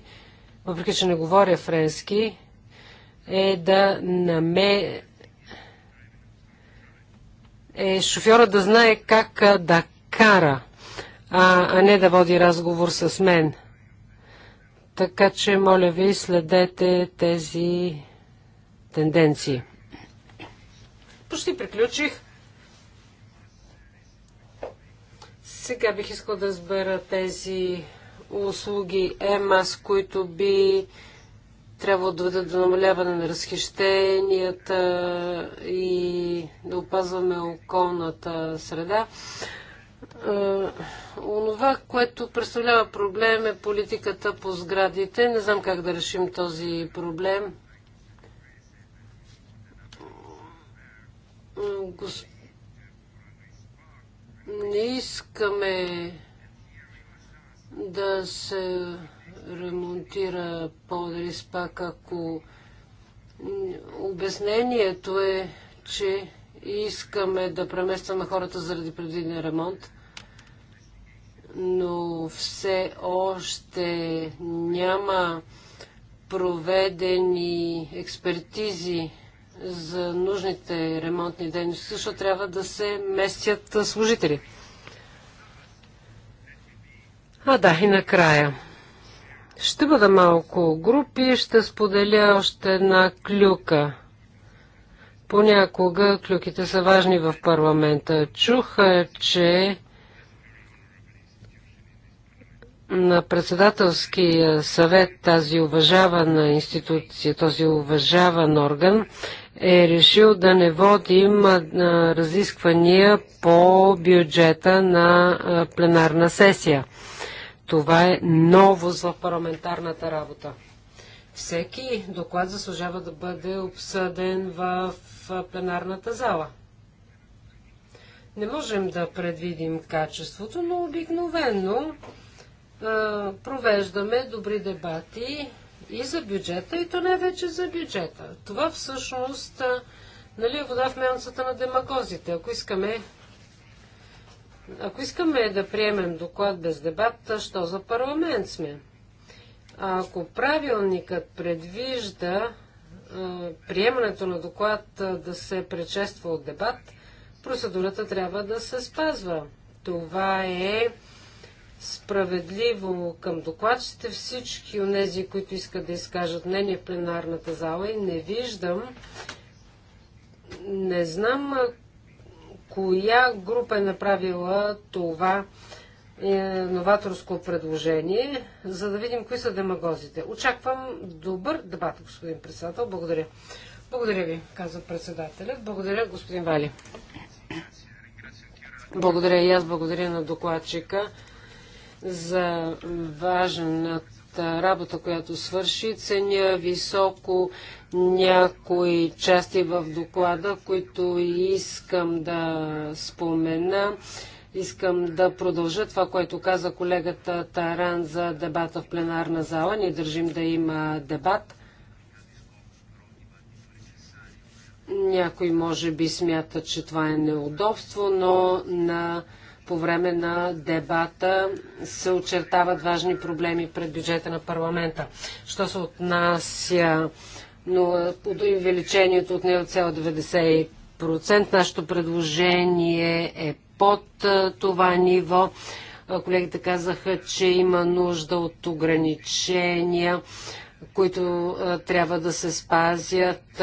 въпреки че не говоря френски, е да наме е шофьора да знае как да кара, а, а не да води разговор с мен. Така че, моля ви, следете тези тенденции. Почти приключих. Сега бих искал да разбера тези услуги ЕМАС, които би трябвало да бъдат до намаляване на разхищенията и да опазваме околната среда. Онова, което представлява проблем е политиката по сградите. Не знам как да решим този проблем. Гос... Не искаме да се ремонтира Подрис пак, ако обяснението е, че искаме да преместваме хората заради предвиден ремонт, но все още няма проведени експертизи за нужните ремонтни дейности, защото трябва да се местят служители. А да, и накрая. Ще бъда малко групи, ще споделя още една клюка. Понякога клюките са важни в парламента. Чуха, че на председателския съвет тази уважавана институция, този уважаван орган е решил да не водим разисквания по бюджета на пленарна сесия. Това е ново за парламентарната работа. Всеки доклад заслужава да бъде обсъден в пленарната зала. Не можем да предвидим качеството, но обикновено е, провеждаме добри дебати и за бюджета, и то не вече за бюджета. Това всъщност е, нали, е вода в мянцата на демагозите. Ако искаме, ако искаме да приемем доклад без дебат, е, що за парламент сме? А ако правилникът предвижда а, приемането на доклад а, да се предшества от дебат, процедурата трябва да се спазва. Това е справедливо към докладчите всички от тези, които искат да изкажат мнение в пленарната зала и не виждам, не знам коя група е направила това е, новаторско предложение, за да видим кои са демагозите. Очаквам добър дебат, господин председател. Благодаря. Благодаря ви, каза председателят. Благодаря, господин Вали. Благодаря и аз благодаря на докладчика за важната работа, която свърши. Ценя високо някои части в доклада, които искам да спомена. Искам да продължа това, което каза колегата Таран за дебата в пленарна зала. Ние държим да има дебат. Някой може би смята, че това е неудобство, но на по време на дебата се очертават важни проблеми пред бюджета на парламента. Що се отнася но под увеличението от него цел Нашето предложение е под това ниво. Колегите казаха, че има нужда от ограничения, които трябва да се спазят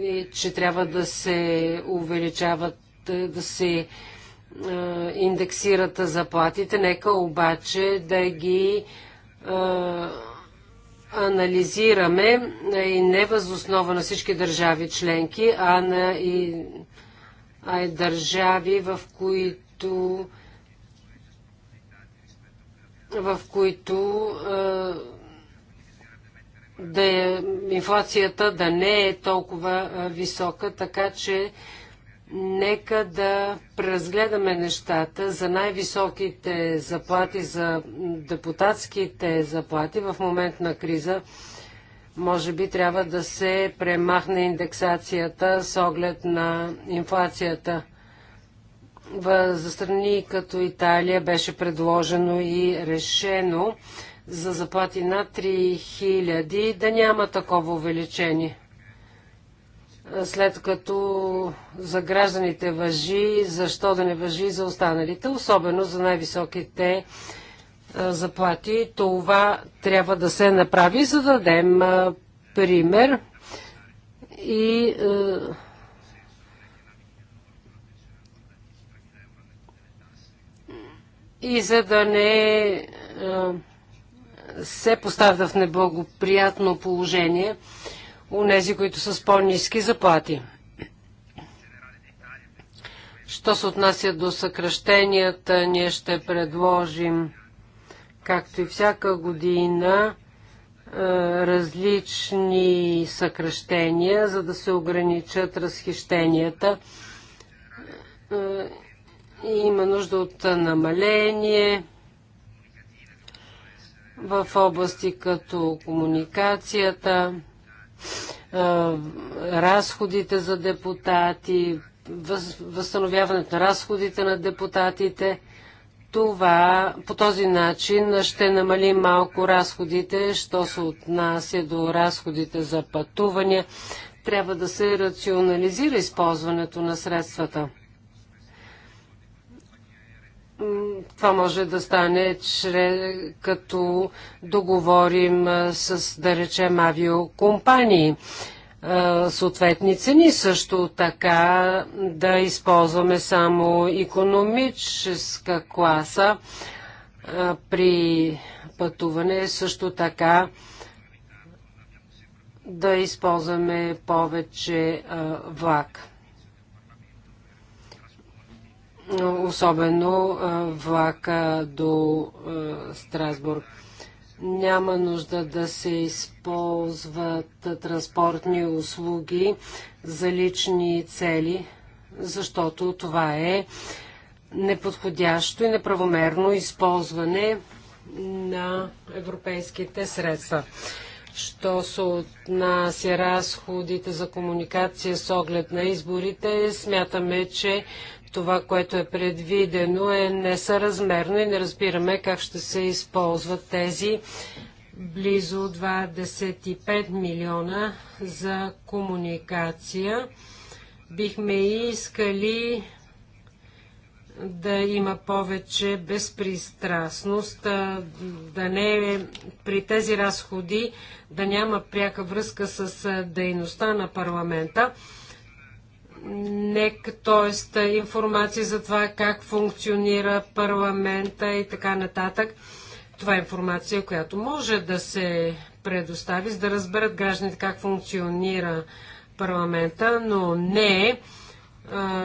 и че трябва да се увеличават, да се индексират заплатите, нека обаче да ги анализираме и не възоснова на всички държави членки, а на и, а и държави, в които в които а, да е, инфлацията да не е толкова а, висока, така че Нека да преразгледаме нещата за най-високите заплати, за депутатските заплати в момент на криза. Може би трябва да се премахне индексацията с оглед на инфлацията. За страни като Италия беше предложено и решено за заплати на 3000 да няма такова увеличение след като за гражданите въжи, защо да не въжи за останалите, особено за най-високите е, заплати. Това трябва да се направи, за да дадем е, пример и е, и за да не се поставя в неблагоприятно положение у нези, които са с по-низки заплати. Що се отнася до съкръщенията, ние ще предложим, както и всяка година, е, различни съкръщения, за да се ограничат разхищенията. И е, има нужда от намаление в области като комуникацията, разходите за депутати, възстановяването на разходите на депутатите. Това по този начин ще намали малко разходите, що се отнася до разходите за пътувания. Трябва да се рационализира използването на средствата това може да стане чрез, като договорим с, да речем, авиокомпании съответни цени, също така да използваме само економическа класа при пътуване, също така да използваме повече влак особено влака до Страсбург. Няма нужда да се използват транспортни услуги за лични цели, защото това е неподходящо и неправомерно използване на европейските средства. Що се отнася разходите за комуникация с оглед на изборите, смятаме, че това, което е предвидено, е несъразмерно и не разбираме как ще се използват тези близо 25 милиона за комуникация. Бихме искали да има повече безпристрастност, да не е при тези разходи да няма пряка връзка с дейността на парламента НЕК, т.е. информация за това как функционира парламента и така нататък. Това е информация, която може да се предостави, за да разберат гражданите как функционира парламента, но не е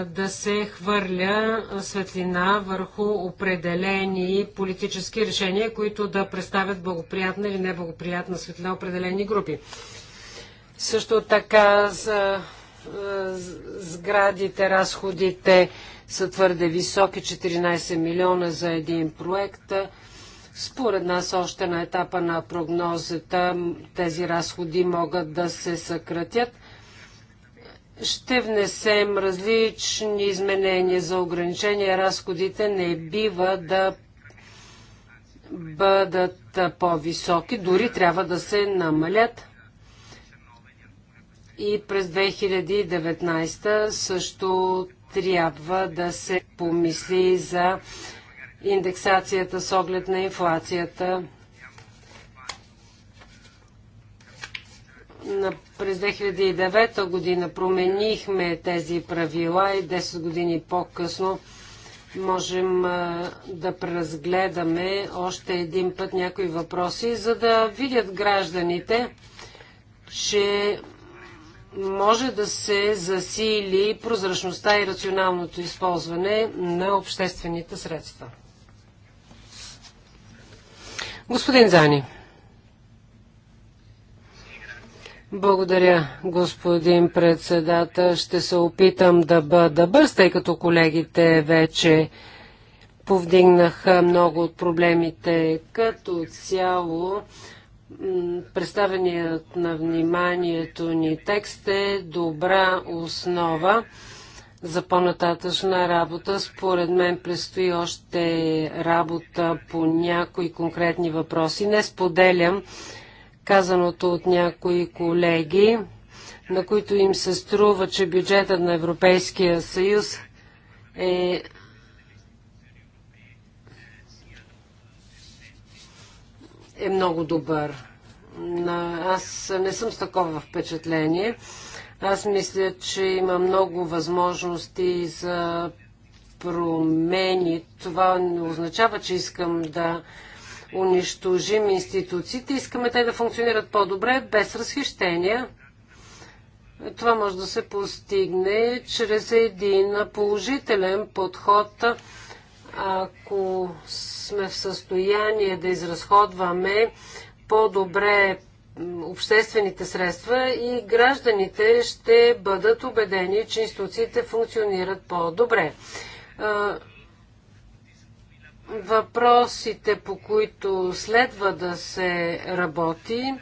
да се хвърля светлина върху определени политически решения, които да представят благоприятна или неблагоприятна светлина определени групи. Също така за е, сградите, разходите са твърде високи, 14 милиона за един проект. Според нас още на етапа на прогнозата тези разходи могат да се съкратят. Ще внесем различни изменения за ограничение. Разходите не бива да бъдат по-високи, дори трябва да се намалят и през 2019 също трябва да се помисли за индексацията с оглед на инфлацията. На, през 2009 година променихме тези правила и 10 години по-късно можем да преразгледаме още един път някои въпроси, за да видят гражданите, че може да се засили прозрачността и рационалното използване на обществените средства. Господин Зани. Благодаря, господин председател. Ще се опитам да бъда бърз, тъй като колегите вече повдигнаха много от проблемите. Като цяло, представеният на вниманието ни текст е добра основа за по-нататъчна работа. Според мен предстои още работа по някои конкретни въпроси. Не споделям казаното от някои колеги, на които им се струва, че бюджетът на Европейския съюз е е много добър. Аз не съм с такова впечатление. Аз мисля, че има много възможности за промени. Това не означава, че искам да унищожим институциите. Искаме те да функционират по-добре, без разхищения. Това може да се постигне чрез един положителен подход, ако сме в състояние да изразходваме по-добре обществените средства и гражданите ще бъдат убедени, че институциите функционират по-добре. Въпросите, по които следва да се работи,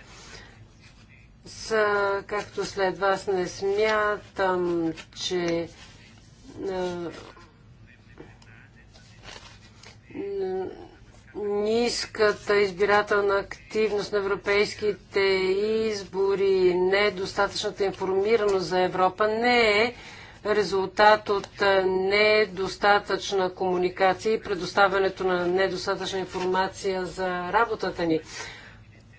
са както следва. Аз не смятам, че ниската избирателна активност на европейските избори, недостатъчната информираност за Европа не е резултат от недостатъчна комуникация и предоставянето на недостатъчна информация за работата ни.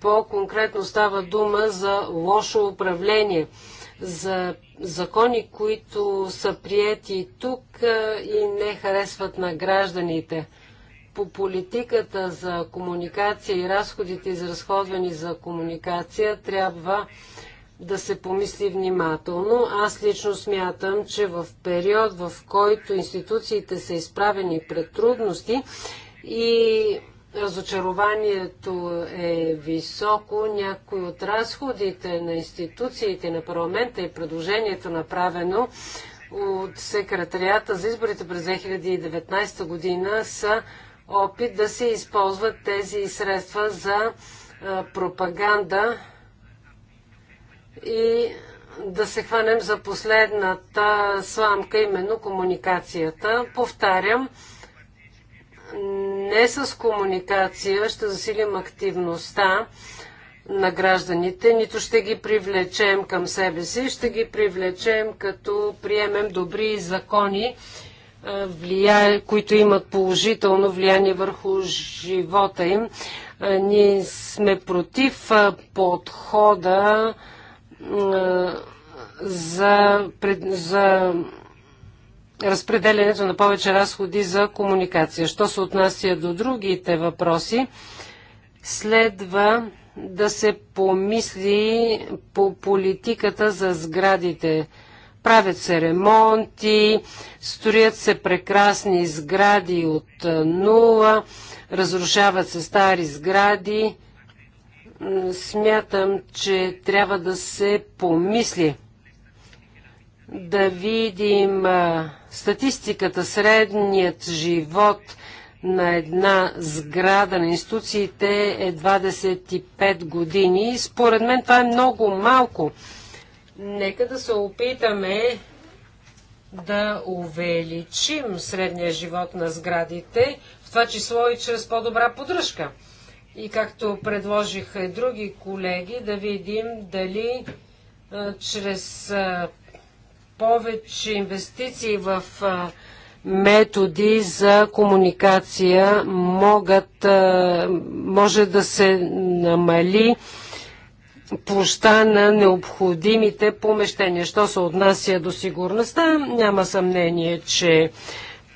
По-конкретно става дума за лошо управление, за закони, които са приети тук и не харесват на гражданите – по политиката за комуникация и разходите, изразходвани за комуникация, трябва да се помисли внимателно. Аз лично смятам, че в период, в който институциите са изправени пред трудности и разочарованието е високо, някои от разходите на институциите, на парламента и предложението направено от секретарията за изборите през 2019 година са опит да се използват тези средства за пропаганда и да се хванем за последната сламка, именно комуникацията. Повтарям, не с комуникация ще засилим активността на гражданите, нито ще ги привлечем към себе си, ще ги привлечем като приемем добри закони влия... които имат положително влияние върху живота им. Ние сме против подхода за, за разпределянето на повече разходи за комуникация. Що се отнася до другите въпроси, следва да се помисли по политиката за сградите правят се ремонти, строят се прекрасни сгради от нула, разрушават се стари сгради. Смятам, че трябва да се помисли да видим статистиката, средният живот на една сграда на институциите е 25 години. Според мен това е много малко. Нека да се опитаме да увеличим средния живот на сградите, в това число и чрез по-добра поддръжка. И както предложиха и други колеги, да видим дали а, чрез а, повече инвестиции в а, методи за комуникация могат, може да се намали площа на необходимите помещения. Що се отнася до сигурността, няма съмнение, че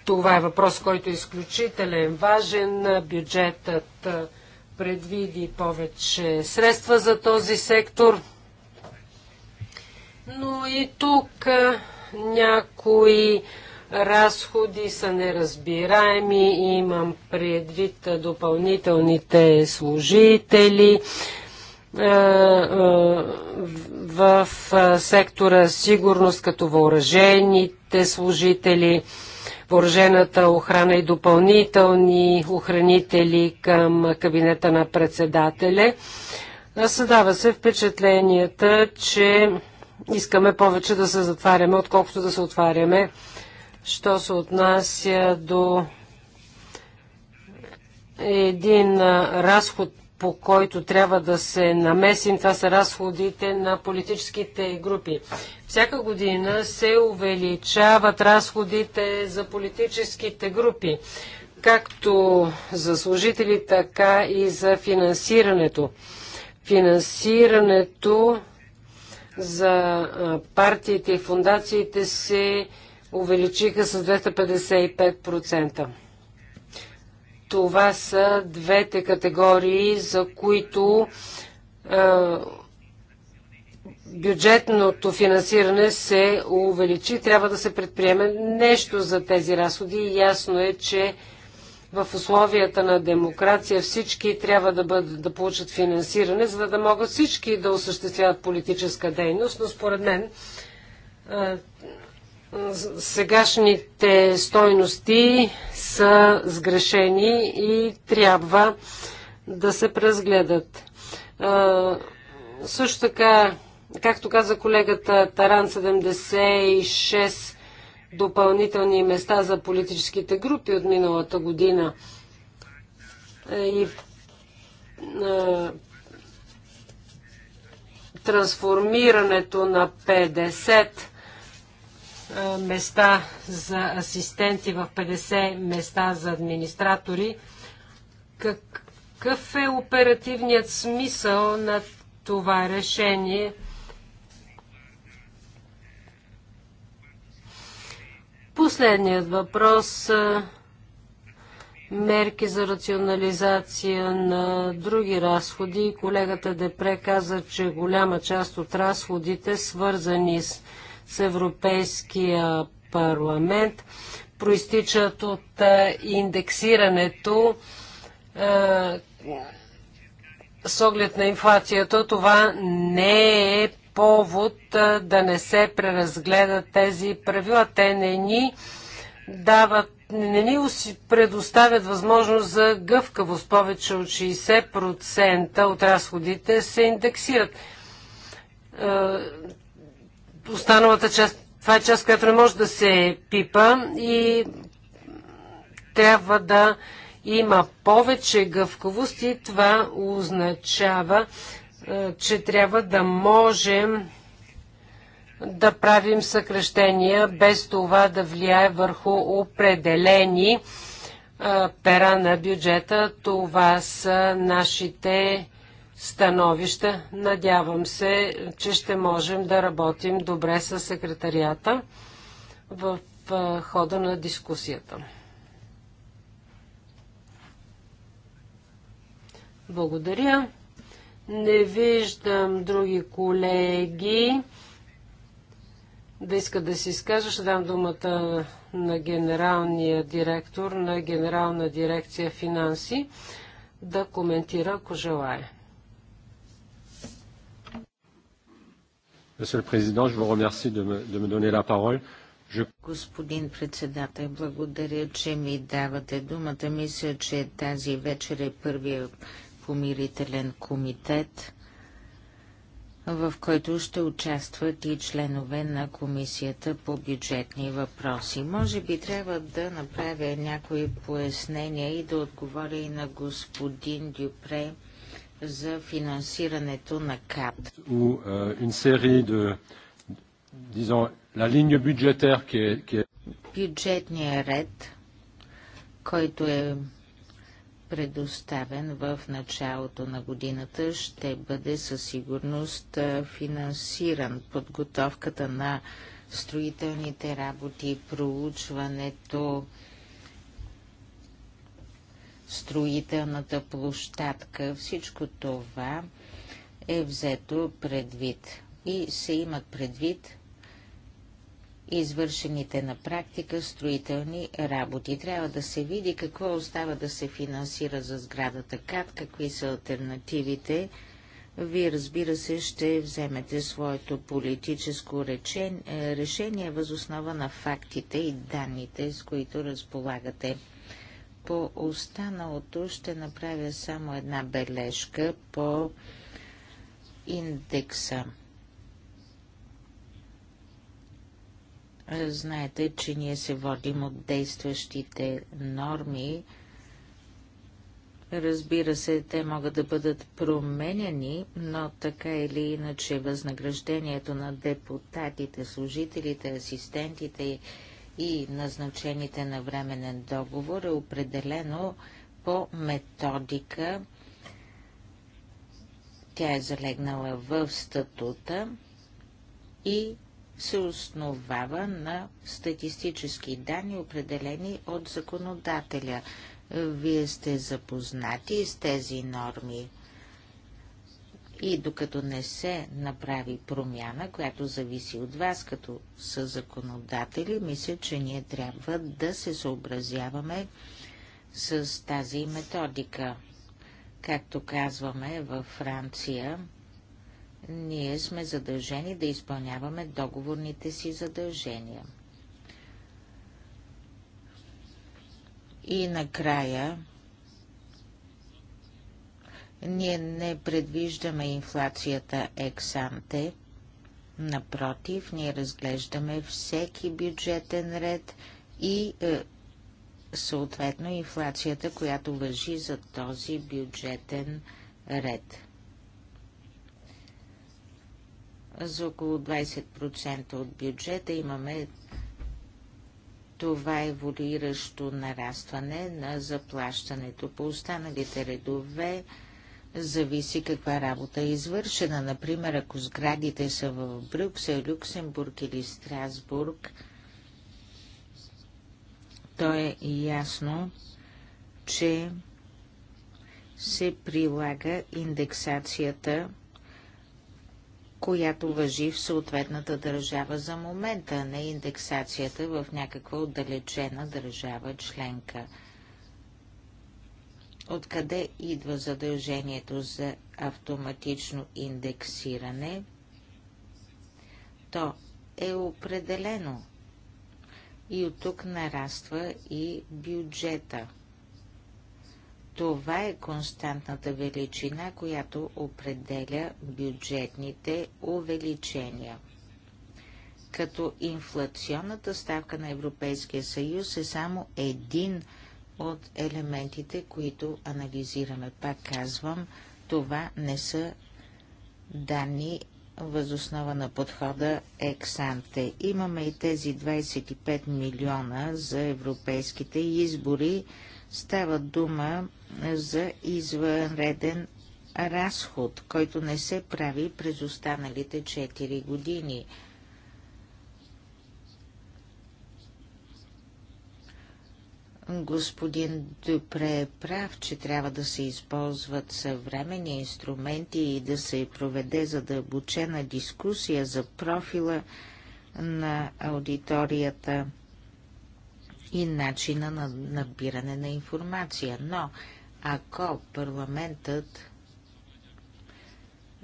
това е въпрос, който е изключителен важен. Бюджетът предвиди повече средства за този сектор. Но и тук някои разходи са неразбираеми. Имам предвид допълнителните служители, е, е, в е, сектора сигурност, като въоръжените служители, въоръжената охрана и допълнителни охранители към кабинета на председателя. Съдава се впечатленията, че искаме повече да се затваряме, отколкото да се отваряме. Що се отнася до един разход по който трябва да се намесим, това са разходите на политическите групи. Всяка година се увеличават разходите за политическите групи, както за служители, така и за финансирането. Финансирането за партиите и фундациите се увеличиха с 255%. Това са двете категории, за които е, бюджетното финансиране се увеличи. Трябва да се предприеме нещо за тези разходи. Ясно е, че в условията на демокрация всички трябва да, бъд, да получат финансиране, за да могат всички да осъществяват политическа дейност, но според мен е, сегашните стойности са сгрешени и трябва да се преразгледат. Също така, както каза колегата Таран, 76 допълнителни места за политическите групи от миналата година. Е, и трансформирането на 50 е, места за асистенти, в 50 места за администратори. Какъв е оперативният смисъл на това решение? Последният въпрос е, мерки за рационализация на други разходи. Колегата Депре каза, че голяма част от разходите, свързани с с Европейския парламент проистичат от е, индексирането е, с оглед на инфлацията. Това не е повод е, да не се преразгледат тези правила. Те не ни дават не ни предоставят възможност за гъвкавост. Повече от 60% от разходите се индексират. Останалата част, това е част, която не може да се пипа и трябва да има повече гъвкавост и това означава, е, че трябва да можем да правим съкрещения без това да влияе върху определени е, пера на бюджета. Това са нашите становища. Надявам се, че ще можем да работим добре с секретарията в хода на дискусията. Благодаря. Не виждам други колеги да искат да се изкажа. Ще дам думата на генералния директор на Генерална дирекция финанси да коментира, ако желая. Господин председател, благодаря, че ми давате думата. Мисля, че тази вечер е първия помирителен комитет, в който ще участват и членове на Комисията по бюджетни въпроси. Може би трябва да направя някои пояснения и да отговоря и на господин Дюпре за финансирането на КАТ. Euh, Бюджетният ред, който е предоставен в началото на годината, ще бъде със сигурност финансиран. Подготовката на строителните работи, проучването, строителната площадка. Всичко това е взето предвид и се имат предвид извършените на практика строителни работи. Трябва да се види какво остава да се финансира за сградата КАТ, какви са альтернативите. Вие, разбира се, ще вземете своето политическо е, решение възоснова на фактите и данните, с които разполагате. По останалото ще направя само една бележка по индекса. Знаете, че ние се водим от действащите норми. Разбира се, те могат да бъдат променени, но така или иначе възнаграждението на депутатите, служителите, асистентите и и назначените на временен договор е определено по методика. Тя е залегнала в статута и се основава на статистически данни, определени от законодателя. Вие сте запознати с тези норми. И докато не се направи промяна, която зависи от вас като са законодатели, мисля, че ние трябва да се съобразяваме с тази методика. Както казваме във Франция, ние сме задължени да изпълняваме договорните си задължения. И накрая ние не предвиждаме инфлацията ексанте. Напротив, ние разглеждаме всеки бюджетен ред и е, съответно инфлацията, която въжи за този бюджетен ред. За около 20% от бюджета имаме това еволюиращо нарастване на заплащането. По останалите редове зависи каква работа е извършена. Например, ако сградите са в Брюксел, Люксембург или Страсбург, то е ясно, че се прилага индексацията, която въжи в съответната държава за момента, а не индексацията в някаква отдалечена държава членка – Откъде идва задължението за автоматично индексиране? То е определено и от тук нараства и бюджета. Това е константната величина, която определя бюджетните увеличения. Като инфлационната ставка на Европейския съюз е само един от елементите, които анализираме. Пак казвам, това не са данни възоснова на подхода ексанте. Имаме и тези 25 милиона за европейските избори. Става дума за извънреден разход, който не се прави през останалите 4 години. Господин Дюпре е прав, че трябва да се използват съвременни инструменти и да се проведе задълбочена да дискусия за профила на аудиторията и начина на набиране на информация. Но ако парламентът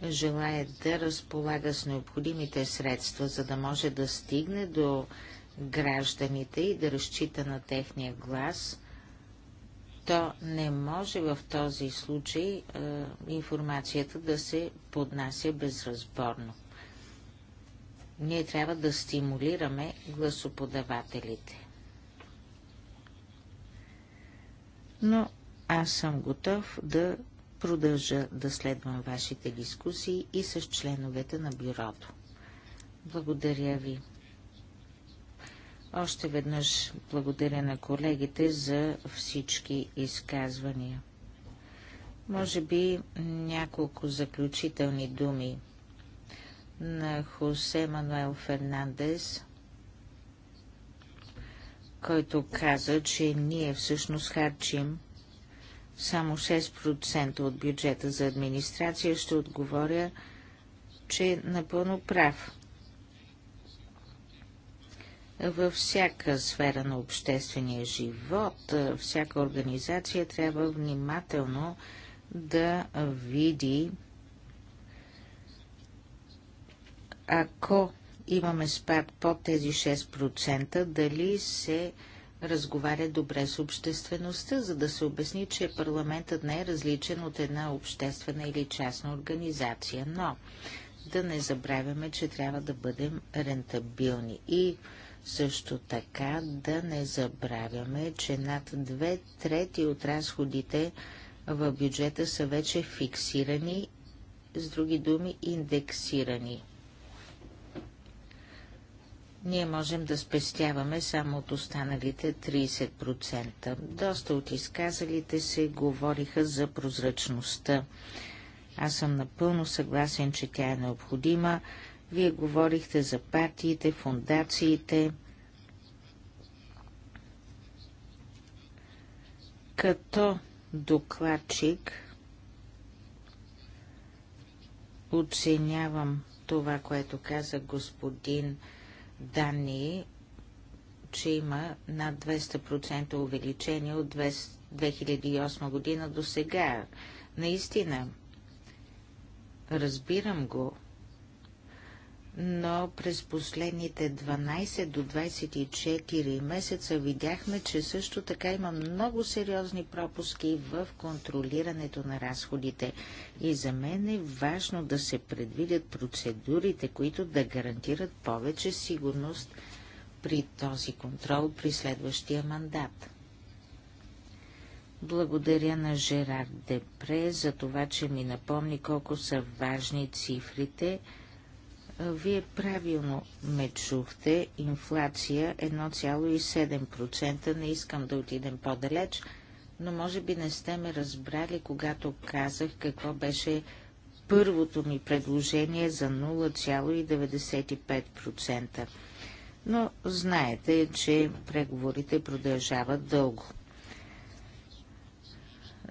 желая да разполага с необходимите средства, за да може да стигне до гражданите и да разчита на техния глас, то не може в този случай е, информацията да се поднася безразборно. Ние трябва да стимулираме гласоподавателите. Но аз съм готов да продължа да следвам вашите дискусии и с членовете на бюрото. Благодаря ви. Още веднъж благодаря на колегите за всички изказвания. Може би няколко заключителни думи на Хосе Мануел Фернандес, който каза, че ние всъщност харчим само 6% от бюджета за администрация, ще отговоря, че е напълно прав. Във всяка сфера на обществения живот, всяка организация трябва внимателно да види, ако имаме спад под тези 6%, дали се разговаря добре с обществеността, за да се обясни, че парламентът не е различен от една обществена или частна организация. Но да не забравяме, че трябва да бъдем рентабилни. И също така да не забравяме, че над две трети от разходите в бюджета са вече фиксирани, с други думи индексирани. Ние можем да спестяваме само от останалите 30%. Доста от изказалите се говориха за прозрачността. Аз съм напълно съгласен, че тя е необходима вие говорихте за партиите, фундациите, като докладчик оценявам това, което каза господин Дани, че има над 200% увеличение от 2008 година до сега. Наистина, разбирам го, но през последните 12 до 24 месеца видяхме, че също така има много сериозни пропуски в контролирането на разходите. И за мен е важно да се предвидят процедурите, които да гарантират повече сигурност при този контрол при следващия мандат. Благодаря на Жерар Депре за това, че ми напомни колко са важни цифрите – вие правилно ме чухте. Инфлация 1,7%. Не искам да отидем по-далеч, но може би не сте ме разбрали, когато казах какво беше първото ми предложение за 0,95%. Но знаете, че преговорите продължават дълго.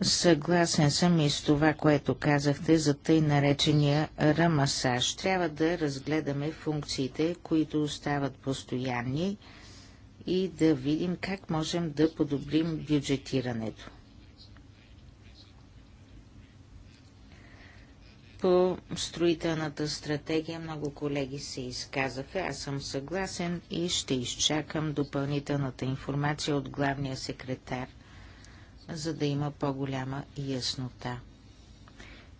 Съгласен съм и с това, което казахте за тъй наречения рамасаж. Трябва да разгледаме функциите, които остават постоянни и да видим как можем да подобрим бюджетирането. По строителната стратегия много колеги се изказаха. Аз съм съгласен и ще изчакам допълнителната информация от главния секретар – за да има по-голяма яснота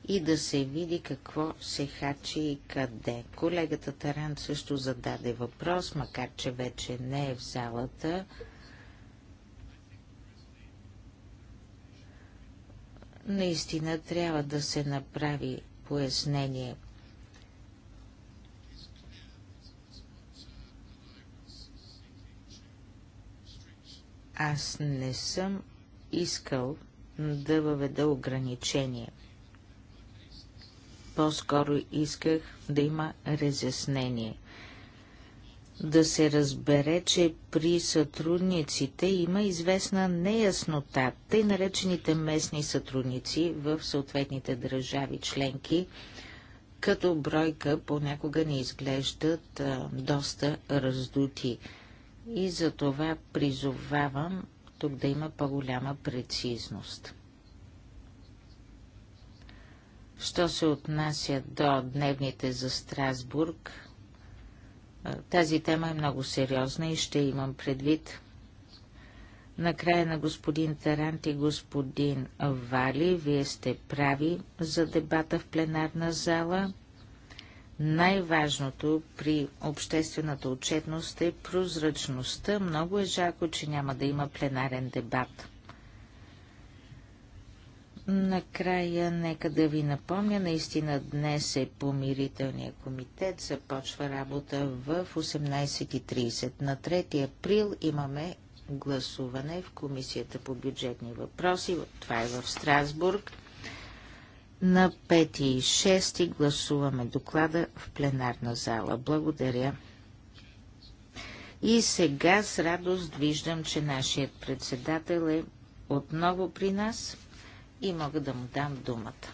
и да се види какво се хачи и къде. Колегата Тарант също зададе въпрос, макар че вече не е в залата. Наистина трябва да се направи пояснение. Аз не съм искал да въведа ограничение. По-скоро исках да има разяснение. Да се разбере, че при сътрудниците има известна неяснота. Тъй наречените местни сътрудници в съответните държави членки като бройка понякога не изглеждат а, доста раздути. И за това призовавам тук да има по-голяма прецизност. Що се отнася до дневните за Страсбург, тази тема е много сериозна и ще имам предвид. Накрая на господин Тарант и господин Вали, вие сте прави за дебата в пленарна зала. Най-важното при обществената отчетност е прозрачността. Много е жалко, че няма да има пленарен дебат. Накрая, нека да ви напомня, наистина днес е помирителния комитет, започва работа в 18.30. На 3 април имаме гласуване в Комисията по бюджетни въпроси, това е в Страсбург. На 5 и 6 гласуваме доклада в пленарна зала. Благодаря. И сега с радост виждам, че нашият председател е отново при нас и мога да му дам думата.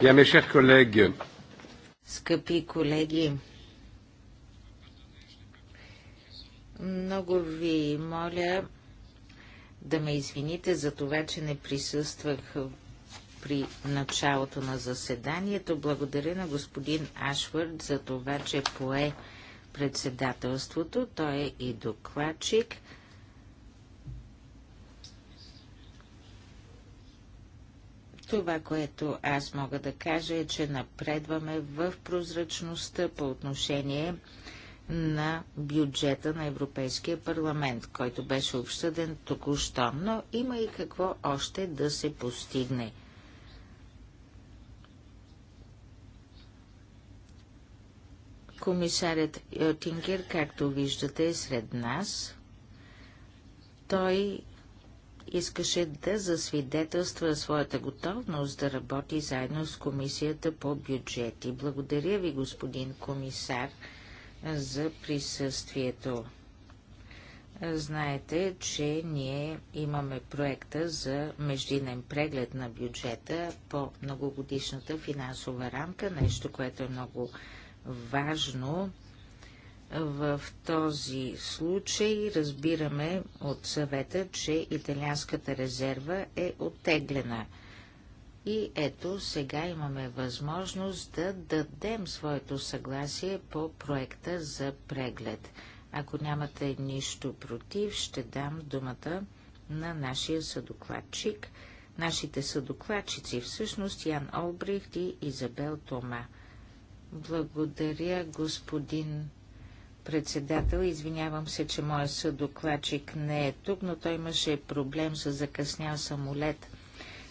Bien, mes chers collègues. Скъпи колеги, много ви моля да ме извините за това, че не присъствах при началото на заседанието. Благодаря на господин Ашвард за това, че пое председателството. Той е и докладчик. Това, което аз мога да кажа е, че напредваме в прозрачността по отношение на бюджета на Европейския парламент, който беше обсъден току-що, но има и какво още да се постигне. Комисарят Йотингер, както виждате, е сред нас. Той искаше да засвидетелства своята готовност да работи заедно с Комисията по бюджети. Благодаря ви, господин комисар, за присъствието. Знаете, че ние имаме проекта за междинен преглед на бюджета по многогодишната финансова рамка, нещо, което е много важно в този случай разбираме от съвета, че италианската резерва е оттеглена. И ето сега имаме възможност да дадем своето съгласие по проекта за преглед. Ако нямате нищо против, ще дам думата на нашия съдокладчик. Нашите съдокладчици всъщност Ян Олбрихт и Изабел Тома. Благодаря, господин председател. Извинявам се, че моят съдокладчик не е тук, но той имаше проблем с закъснял самолет.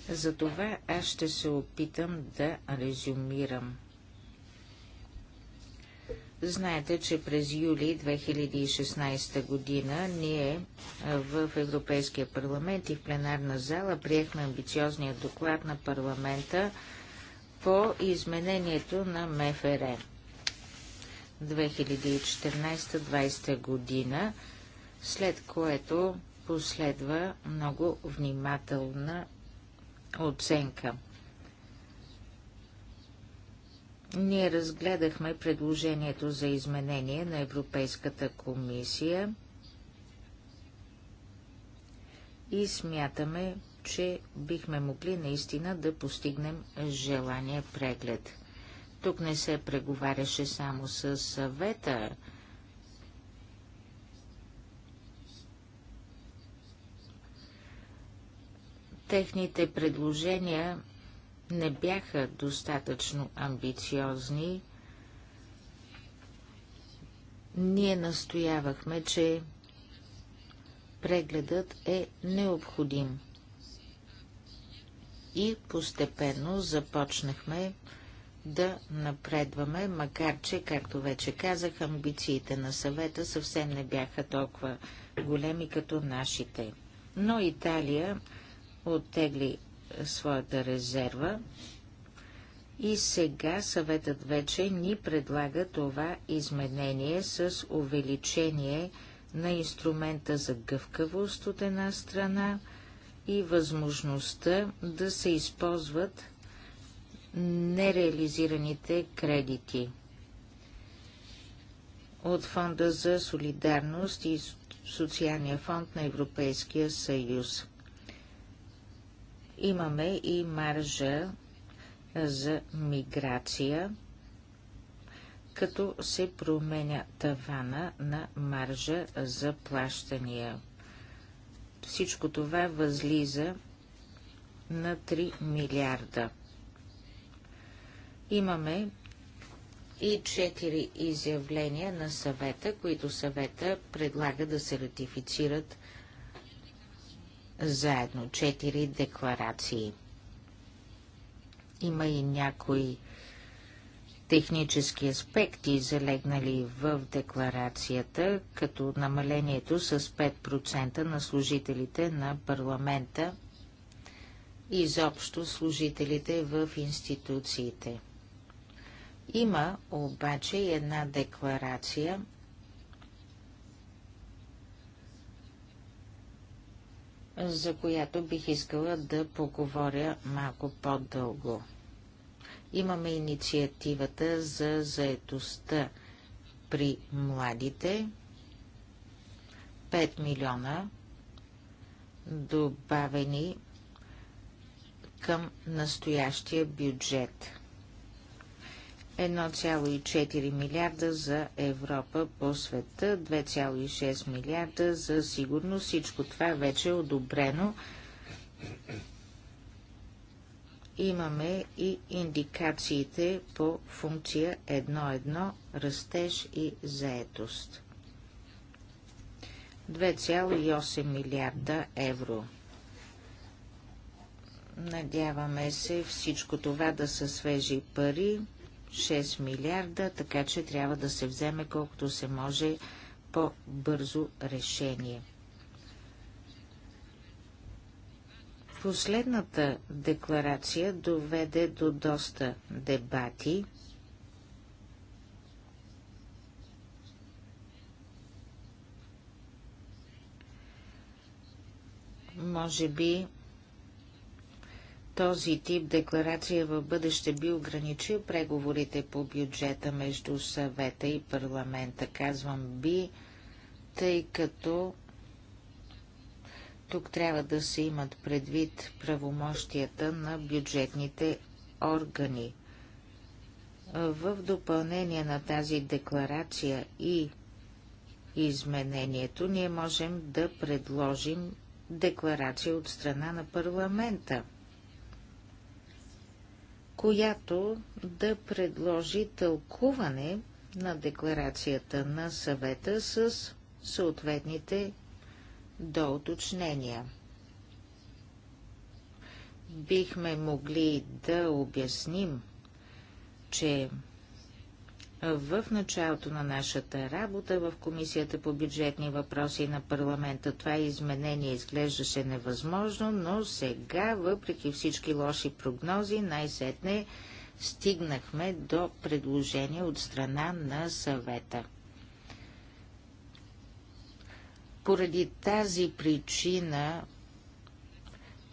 Затова аз ще се опитам да резюмирам. Знаете, че през юли 2016 година ние в Европейския парламент и в пленарна зала приехме амбициозния доклад на парламента по изменението на МФР. 2014-2020 година, след което последва много внимателна оценка. Ние разгледахме предложението за изменение на Европейската комисия и смятаме, че бихме могли наистина да постигнем желания преглед. Тук не се преговаряше само с съвета. Техните предложения не бяха достатъчно амбициозни. Ние настоявахме, че прегледът е необходим. И постепенно започнахме да напредваме, макар че, както вече казах, амбициите на съвета съвсем не бяха толкова големи като нашите. Но Италия оттегли своята резерва и сега съветът вече ни предлага това изменение с увеличение на инструмента за гъвкавост от една страна и възможността да се използват нереализираните кредити от Фонда за солидарност и Социалния фонд на Европейския съюз. Имаме и маржа за миграция, като се променя тавана на маржа за плащания. Всичко това възлиза на 3 милиарда. Имаме и четири изявления на съвета, които съвета предлага да се ратифицират заедно. Четири декларации. Има и някои технически аспекти, залегнали в декларацията, като намалението с 5% на служителите на парламента и изобщо служителите в институциите. Има обаче и една декларация, за която бих искала да поговоря малко по-дълго. Имаме инициативата за заетостта при младите 5 милиона добавени към настоящия бюджет – 1,4 милиарда за Европа по света, 2,6 милиарда за сигурност. Всичко това вече е одобрено. Имаме и индикациите по функция 1.1 растеж и заетост. 2,8 милиарда евро. Надяваме се всичко това да са свежи пари. 6 милиарда, така че трябва да се вземе колкото се може по-бързо решение. Последната декларация доведе до доста дебати. Може би този тип декларация в бъдеще би ограничил преговорите по бюджета между съвета и парламента. Казвам би, тъй като тук трябва да се имат предвид правомощията на бюджетните органи. В допълнение на тази декларация и изменението, ние можем да предложим декларация от страна на парламента – която да предложи тълкуване на декларацията на съвета с съответните доуточнения. Бихме могли да обясним, че в началото на нашата работа в Комисията по бюджетни въпроси на парламента. Това изменение изглеждаше невъзможно, но сега, въпреки всички лоши прогнози, най-сетне стигнахме до предложение от страна на съвета. Поради тази причина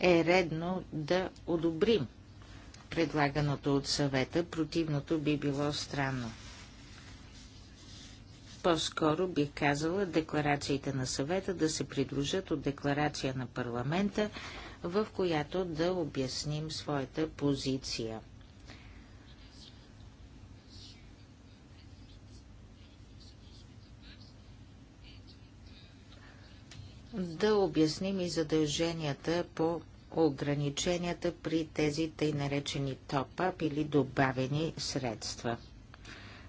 е редно да одобрим предлаганото от съвета, противното би било странно. По-скоро бих казала декларациите на съвета да се придружат от декларация на парламента, в която да обясним своята позиция. да обясним и задълженията по ограниченията при тези тъй наречени топ-ап или добавени средства.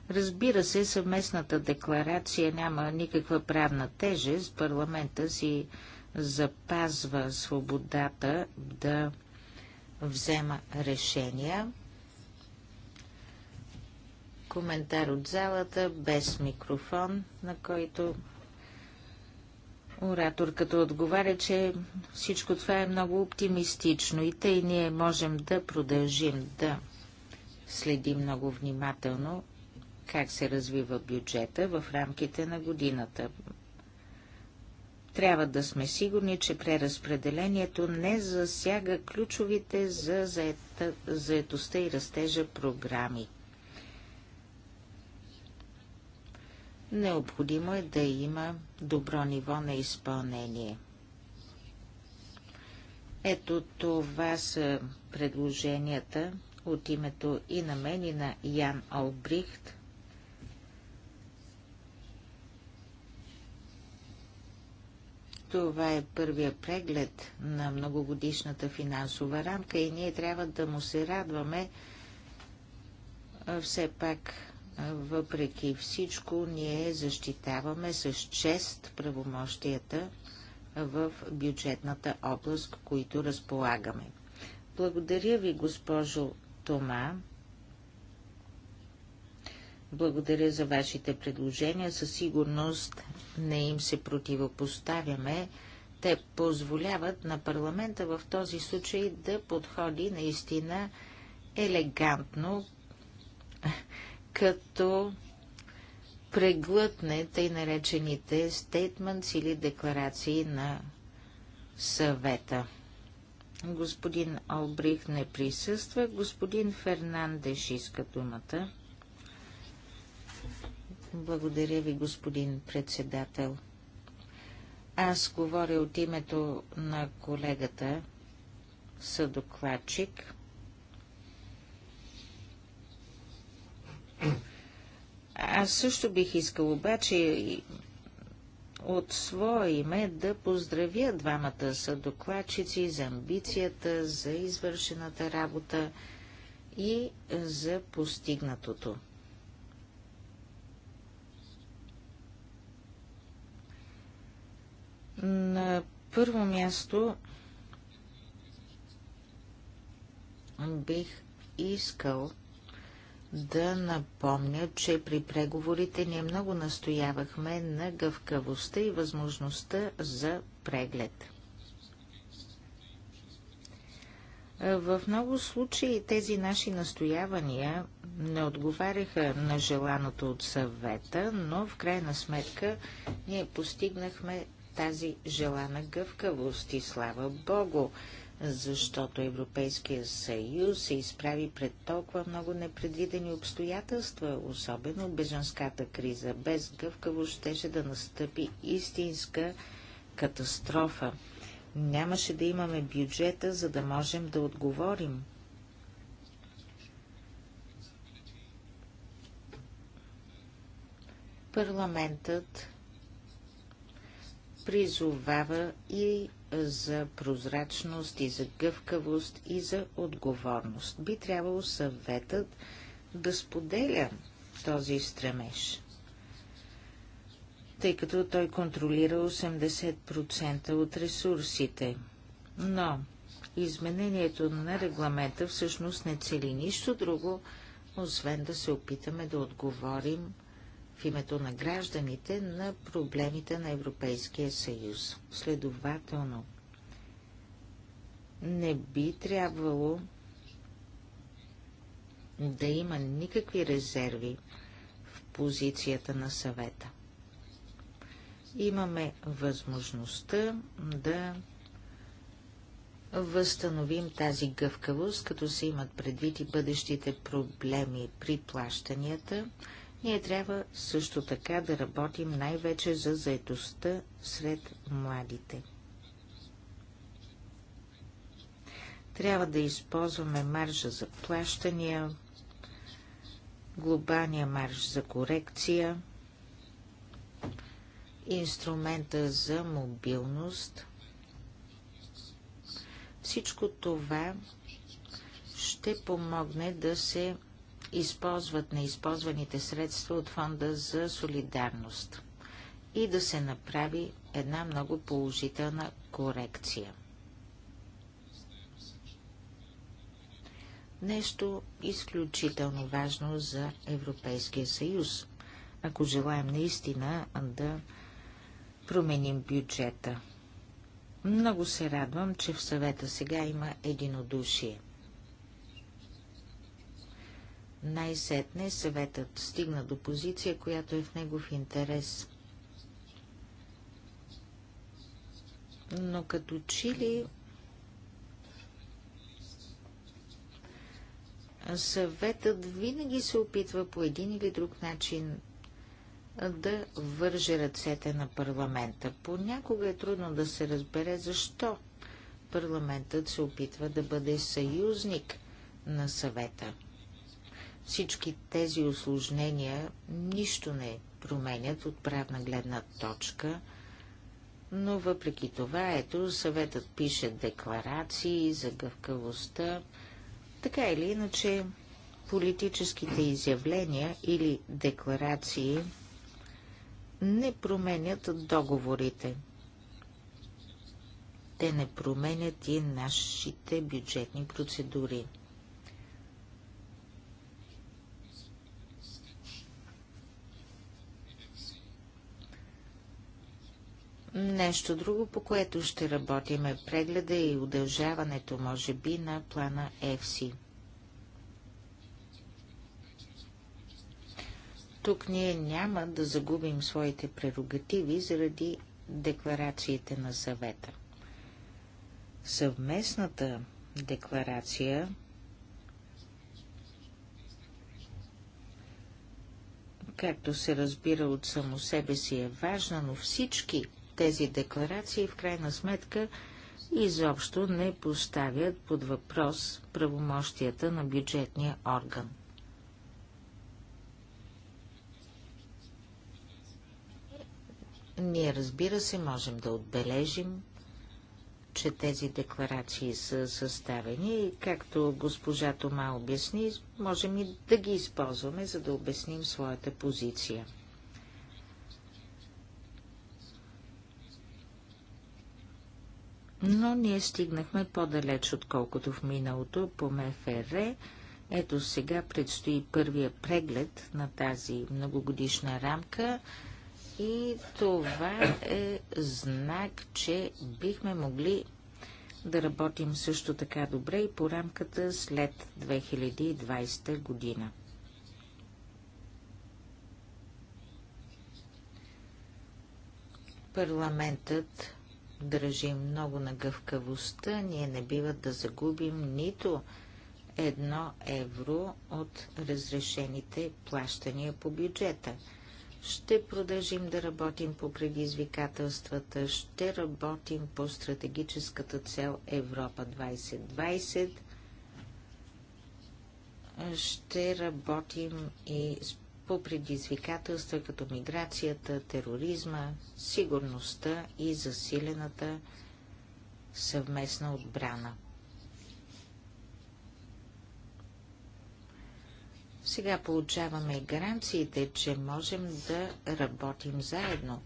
Разбира се, съвместната декларация няма никаква правна тежест. Парламента си запазва свободата да взема решения. Коментар от залата, без микрофон, на който ораторката отговаря, че всичко това е много оптимистично и тъй ние можем да продължим да следим много внимателно как се развива бюджета в рамките на годината. Трябва да сме сигурни, че преразпределението не засяга ключовите за заета, заетостта и растежа програми. Необходимо е да има добро ниво на изпълнение. Ето това са предложенията от името и на мен и на Ян Олбрихт. Това е първия преглед на многогодишната финансова рамка и ние трябва да му се радваме. Все пак, въпреки всичко, ние защитаваме с чест правомощията в бюджетната област, които разполагаме. Благодаря ви, госпожо Тома. Благодаря за вашите предложения. Със сигурност не им се противопоставяме. Те позволяват на парламента в този случай да подходи наистина елегантно, като преглътне тъй наречените стейтментс или декларации на съвета. Господин Албрих не присъства. Господин Фернандеш иска думата. Благодаря ви, господин председател. Аз говоря от името на колегата съдокладчик. Аз също бих искал обаче от свое име да поздравя двамата съдокладчици за амбицията, за извършената работа и за постигнатото. На първо място бих искал да напомня, че при преговорите ние много настоявахме на гъвкавостта и възможността за преглед. В много случаи тези наши настоявания не отговаряха на желаното от съвета, но в крайна сметка ние постигнахме тази желана гъвкавост и слава Богу, защото Европейския съюз се изправи пред толкова много непредвидени обстоятелства, особено беженската криза. Без гъвкавост щеше да настъпи истинска катастрофа. Нямаше да имаме бюджета, за да можем да отговорим. Парламентът призовава и за прозрачност, и за гъвкавост, и за отговорност. Би трябвало съветът да споделя този стремеж, тъй като той контролира 80% от ресурсите. Но изменението на регламента всъщност не цели нищо друго, освен да се опитаме да отговорим в името на гражданите на проблемите на Европейския съюз. Следователно, не би трябвало да има никакви резерви в позицията на съвета. Имаме възможността да възстановим тази гъвкавост, като се имат предвид и бъдещите проблеми при плащанията, ние трябва също така да работим най-вече за заедостта сред младите. Трябва да използваме маржа за плащания, глобалния марш за корекция, инструмента за мобилност. Всичко това ще помогне да се използват неизползваните средства от Фонда за солидарност и да се направи една много положителна корекция. Нещо изключително важно за Европейския съюз, ако желаем наистина да променим бюджета. Много се радвам, че в съвета сега има единодушие най-сетне съветът стигна до позиция, която е в негов интерес. Но като чили съветът винаги се опитва по един или друг начин да върже ръцете на парламента. Понякога е трудно да се разбере защо парламентът се опитва да бъде съюзник на съвета. Всички тези осложнения нищо не променят от правна гледна точка, но въпреки това, ето, съветът пише декларации за гъвкавостта. Така или иначе, политическите изявления или декларации не променят договорите. Те не променят и нашите бюджетни процедури. Нещо друго, по което ще работим е прегледа и удължаването, може би, на плана FC. Тук ние няма да загубим своите прерогативи заради декларациите на съвета. Съвместната декларация както се разбира от само себе си е важна, но всички тези декларации в крайна сметка изобщо не поставят под въпрос правомощията на бюджетния орган. Ние, разбира се, можем да отбележим, че тези декларации са съставени и, както госпожа Тома обясни, можем и да ги използваме, за да обясним своята позиция. но ние стигнахме по-далеч, отколкото в миналото по МФР. Ето сега предстои първия преглед на тази многогодишна рамка и това е знак, че бихме могли да работим също така добре и по рамката след 2020 година. Парламентът държим много на гъвкавостта, ние не бива да загубим нито едно евро от разрешените плащания по бюджета. Ще продължим да работим по предизвикателствата, ще работим по стратегическата цел Европа 2020, ще работим и с по предизвикателства като миграцията, тероризма, сигурността и засилената съвместна отбрана. Сега получаваме гаранциите, че можем да работим заедно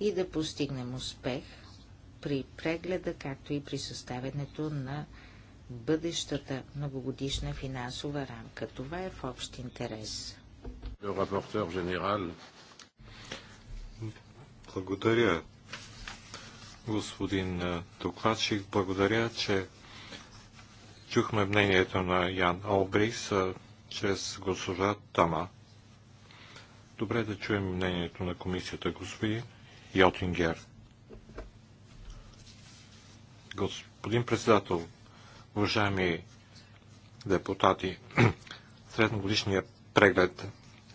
и да постигнем успех при прегледа, както и при съставянето на бъдещата многогодишна финансова рамка. Това е в общ интерес. Благодаря, господин е, докладчик. Благодаря, че чухме мнението на Ян Олбрис е, чрез госпожа Тама. Добре да чуем мнението на комисията, господин Йотингер. Господин председател, уважаеми депутати, средногодишният преглед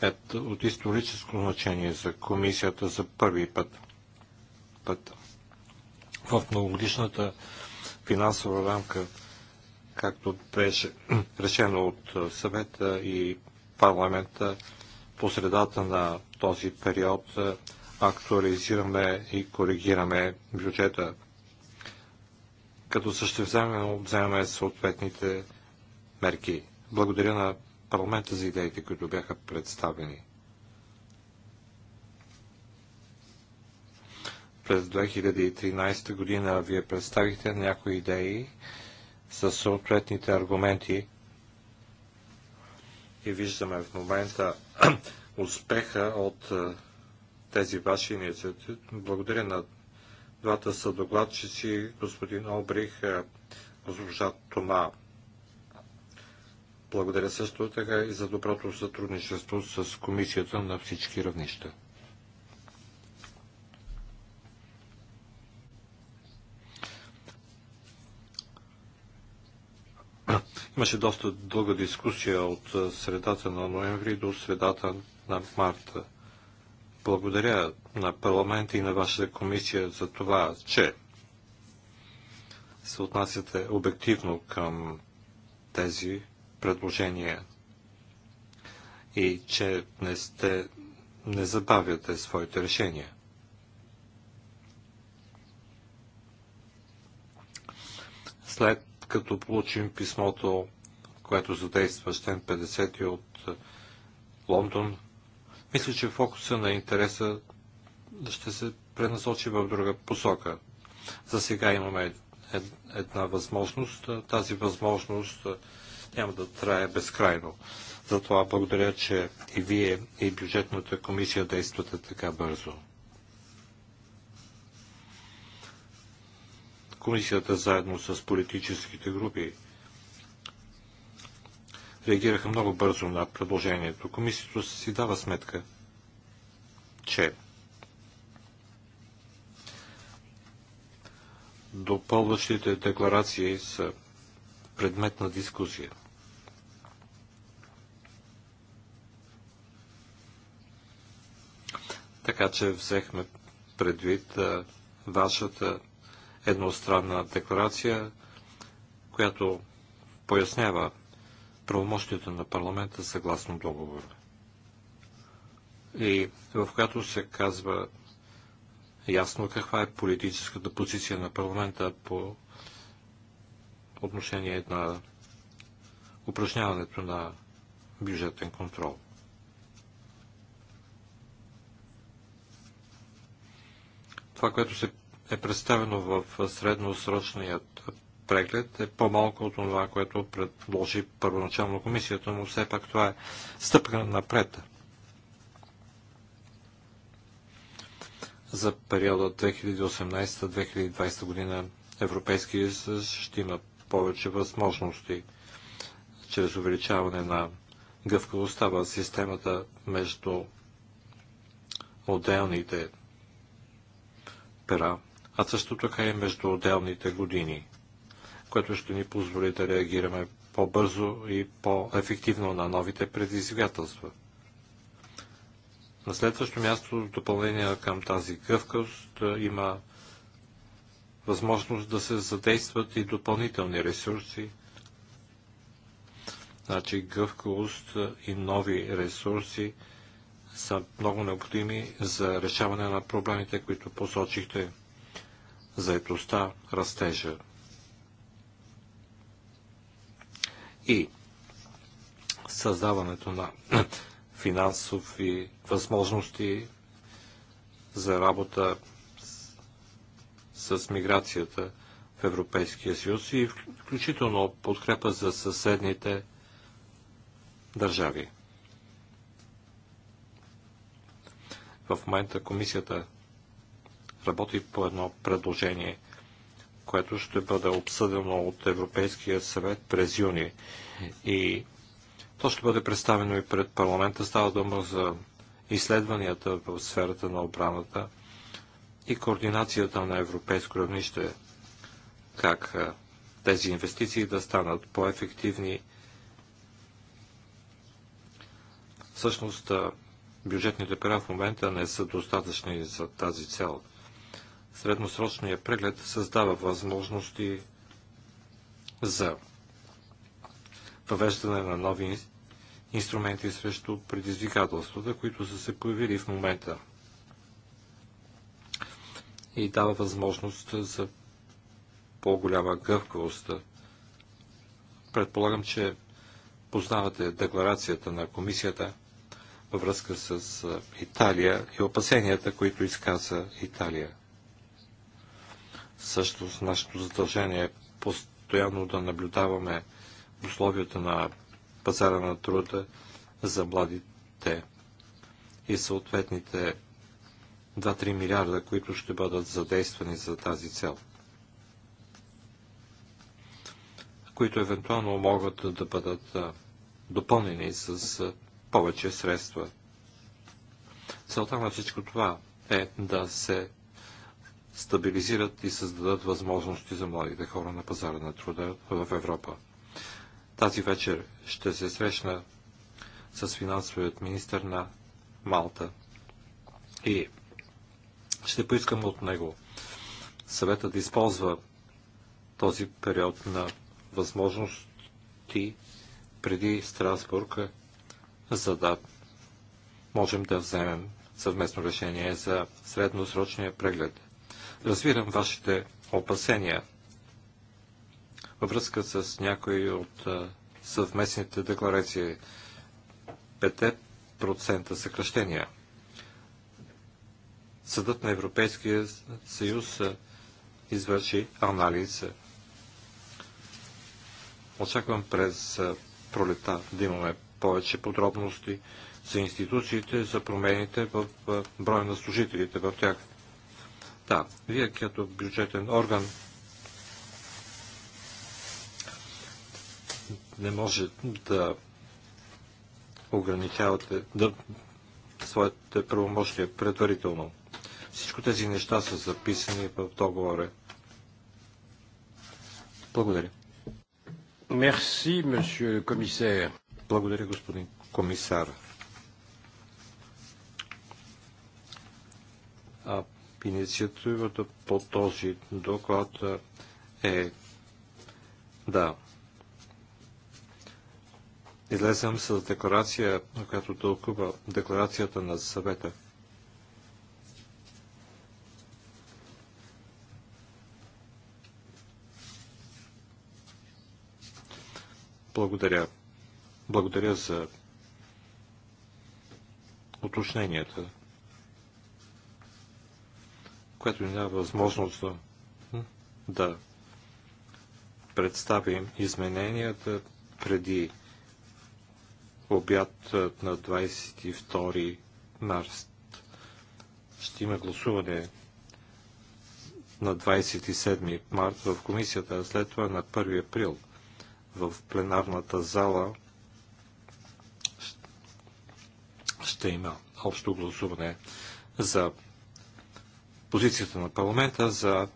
е от историческо значение за комисията за първи път. път. В многогодишната финансова рамка, както беше решено от съвета и парламента, по средата на този период актуализираме и коригираме бюджета, като също вземем съответните мерки. Благодаря на парламента за идеите, които бяха представени. През 2013 година вие представихте някои идеи с съответните аргументи и виждаме в момента успеха от тези ваши инициативи. Благодаря на двата съдогладчици, господин Обрих, госпожа Тома. Благодаря също така и за доброто сътрудничество с комисията на всички равнища. Имаше доста дълга дискусия от средата на ноември до средата на марта. Благодаря на парламента и на вашата комисия за това, че се отнасяте обективно към тези предложения и че не, сте, не забавяте своите решения. След като получим писмото, което задейства Штен 50 от Лондон, мисля, че фокуса на интереса ще се пренасочи в друга посока. За сега имаме една възможност. Тази възможност няма да трае безкрайно. Затова благодаря, че и вие, и бюджетната комисия действате така бързо. Комисията заедно с политическите групи реагираха много бързо на предложението. Комисията си дава сметка, че допълващите декларации са предмет на дискусия. Така че взехме предвид вашата едностранна декларация, която пояснява правомощията на парламента съгласно договора. И в която се казва ясно каква е политическата позиция на парламента по отношение на упражняването на бюджетен контрол. това, което се е представено в средносрочният преглед, е по-малко от това, което предложи първоначално комисията, но все пак това е стъпка напред. За периода 2018-2020 година Европейския съюз ще има повече възможности чрез увеличаване на гъвкавостта в системата между отделните пера, а също така и между отделните години, което ще ни позволи да реагираме по-бързо и по-ефективно на новите предизвикателства. На следващо място, в допълнение към тази гъвкавост, има възможност да се задействат и допълнителни ресурси, значи гъвкавост и нови ресурси – са много необходими за решаване на проблемите, които посочихте заедостта, растежа. И създаването на финансови възможности за работа с миграцията в Европейския съюз и включително подкрепа за съседните държави. В момента комисията работи по едно предложение, което ще бъде обсъдено от Европейския съвет през юни. И то ще бъде представено и пред парламента. Става дума за изследванията в сферата на обраната и координацията на европейско равнище. Как тези инвестиции да станат по-ефективни. Всъщност, Бюджетните пера в момента не са достатъчни за тази цел. Средносрочният преглед създава възможности за въвеждане на нови инструменти срещу предизвикателствата, които са се появили в момента и дава възможност за по-голяма гъвкавост. Предполагам, че познавате декларацията на комисията във връзка с Италия и опасенията, които изказа Италия. Също с нашето задължение е постоянно да наблюдаваме условията на пазара на труда за младите и съответните 2-3 милиарда, които ще бъдат задействани за тази цел, които евентуално могат да бъдат допълнени с повече средства. Целта на всичко това е да се стабилизират и създадат възможности за младите хора на пазара на труда в Европа. Тази вечер ще се срещна с финансовият министр на Малта и ще поискам от него съвета да използва този период на възможности преди Страсбург за да можем да вземем съвместно решение за средносрочния преглед. Разбирам вашите опасения във връзка с някои от съвместните декларации. 5% съкръщения. Съдът на Европейския съюз извърши анализ. Очаквам през пролета да имаме повече подробности за институциите, за промените в броя на служителите в тях. Да, вие като бюджетен орган не може да ограничавате да, своите правомощия предварително. Всичко тези неща са записани в договора. Благодаря. Merci, monsieur le commissaire. Благодаря, господин комисар. А инициативата по този доклад е да излезем с декларация, която тълкува декларацията на съвета. Благодаря. Благодаря за уточненията, което ни дава възможност да представим измененията преди обяд на 22 март. Ще има гласуване на 27 март в комисията, а след това на 1 април в пленарната зала ще има общо гласуване за позицията на парламента за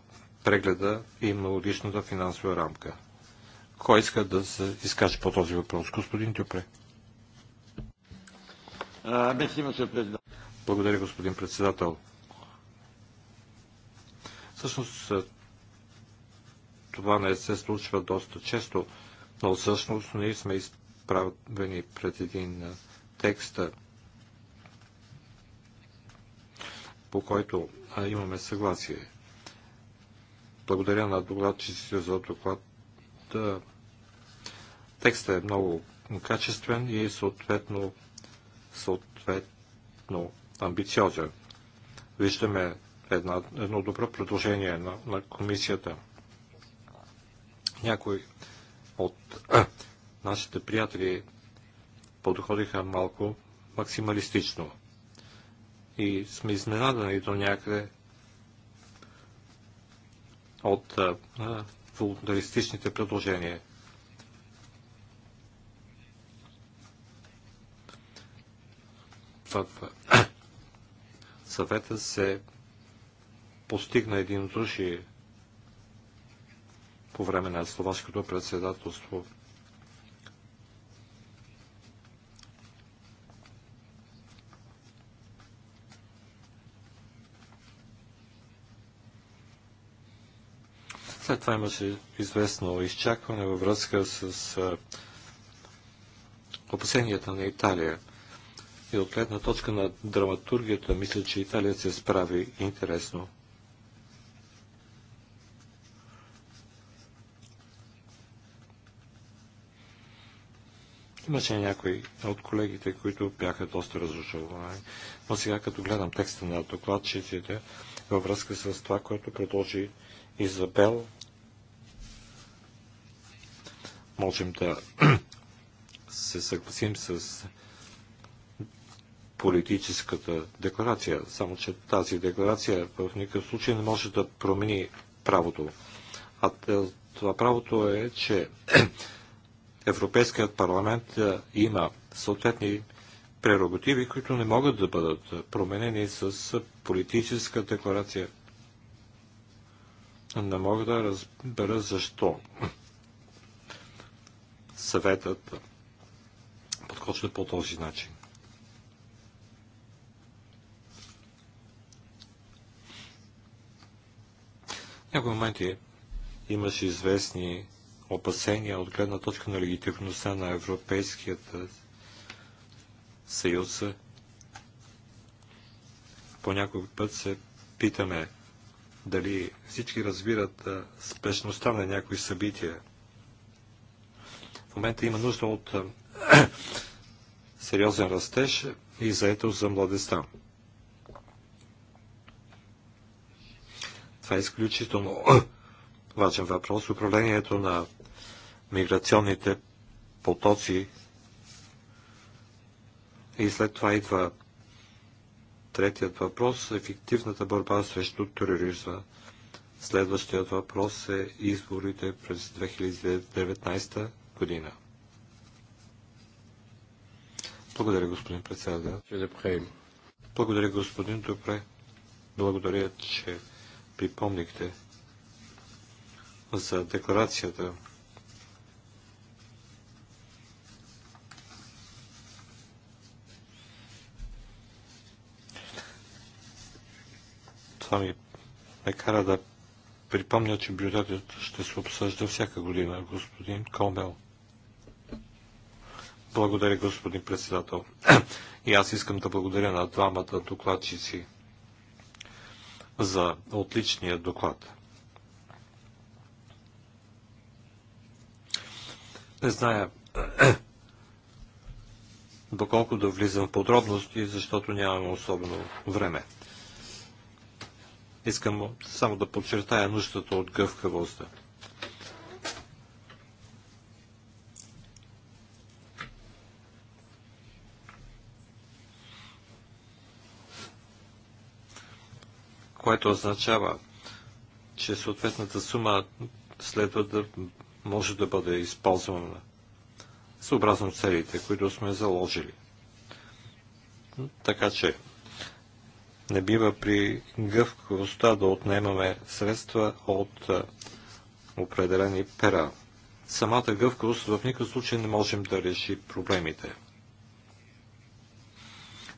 прегледа и многодишната финансова рамка. Кой иска да се изкаже по този въпрос? Господин Тюпре. Благодаря, господин председател. Всъщност, това не се случва доста често, но всъщност ние сме изправени пред един текст, по който имаме съгласие. Благодаря на докладчиците за доклад. Текстът е много качествен и съответно, съответно амбициозен. Виждаме една, едно добро предложение на, на комисията. някой от а, нашите приятели подходиха малко максималистично и сме изненадани до някъде от волонтаристичните предложения. В съвета се постигна един души по време на словашкото председателство – След това имаше известно изчакване във връзка с опасенията на Италия. И от гледна точка на драматургията, мисля, че Италия се справи интересно. Имаше някои от колегите, които бяха доста разочаровани. Но сега, като гледам текста на докладчиците, във връзка с това, което предложи Изабел, можем да се съгласим с политическата декларация, само че тази декларация в никакъв случай не може да промени правото. А това правото е, че Европейският парламент е, има съответни прерогативи, които не могат да бъдат променени с политическа декларация. Не мога да разбера защо съветът подхожда по този начин. някои моменти имаше известни опасения от гледна точка на легитимността на Европейският съюз. По някой път се питаме дали всички разбират спешността на някои събития момента има нужда от сериозен растеж и заето за младеста. Това е изключително важен въпрос. Управлението на миграционните потоци и след това идва третият въпрос – ефективната борба срещу тероризма. Следващият въпрос е изборите през 2019 година. Благодаря, господин председател. Благодаря, господин Добре. Благодаря, че припомнихте за декларацията. Това ми ме кара да припомня, че бюджетът ще се обсъжда всяка година, господин Комел. Благодаря, господин председател. И аз искам да благодаря на двамата докладчици за отличния доклад. Не зная доколко да влизам в подробности, защото нямаме особено време. Искам само да подчертая нуждата от гъвкавостта. което означава, че съответната сума следва да може да бъде използвана съобразно целите, които сме заложили. Така че не бива при гъвкавостта да отнемаме средства от определени пера. Самата гъвкавост в никакъв случай не можем да реши проблемите.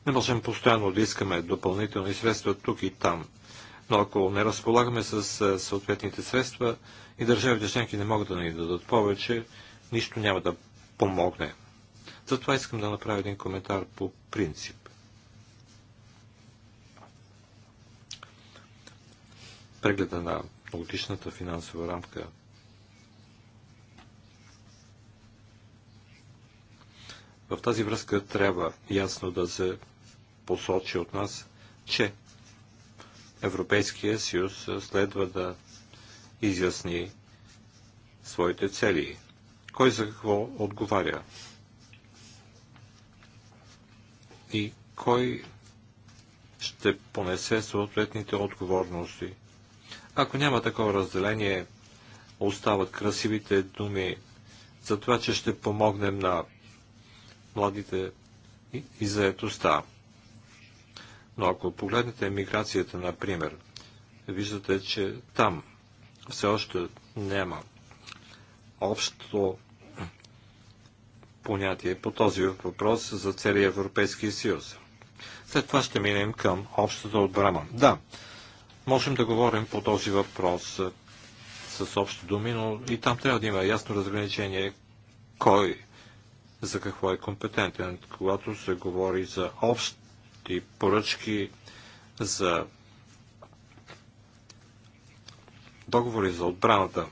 Не можем постоянно да искаме допълнителни средства тук и там – но ако не разполагаме с съответните средства и държавите членки не могат да ни дадат повече, нищо няма да помогне. Затова искам да направя един коментар по принцип. Прегледа на годишната финансова рамка В тази връзка трябва ясно да се посочи от нас, че Европейския съюз следва да изясни своите цели. Кой за какво отговаря? И кой ще понесе съответните отговорности? Ако няма такова разделение, остават красивите думи за това, че ще помогнем на младите и заетостта. Но ако погледнете миграцията, например, виждате, че там все още няма общо понятие по този въпрос за целия Европейски съюз. След това ще минем към общата отбрана. Да, можем да говорим по този въпрос с общи думи, но и там трябва да има ясно разграничение кой за какво е компетентен. Когато се говори за общ и поръчки за договори за отбраната,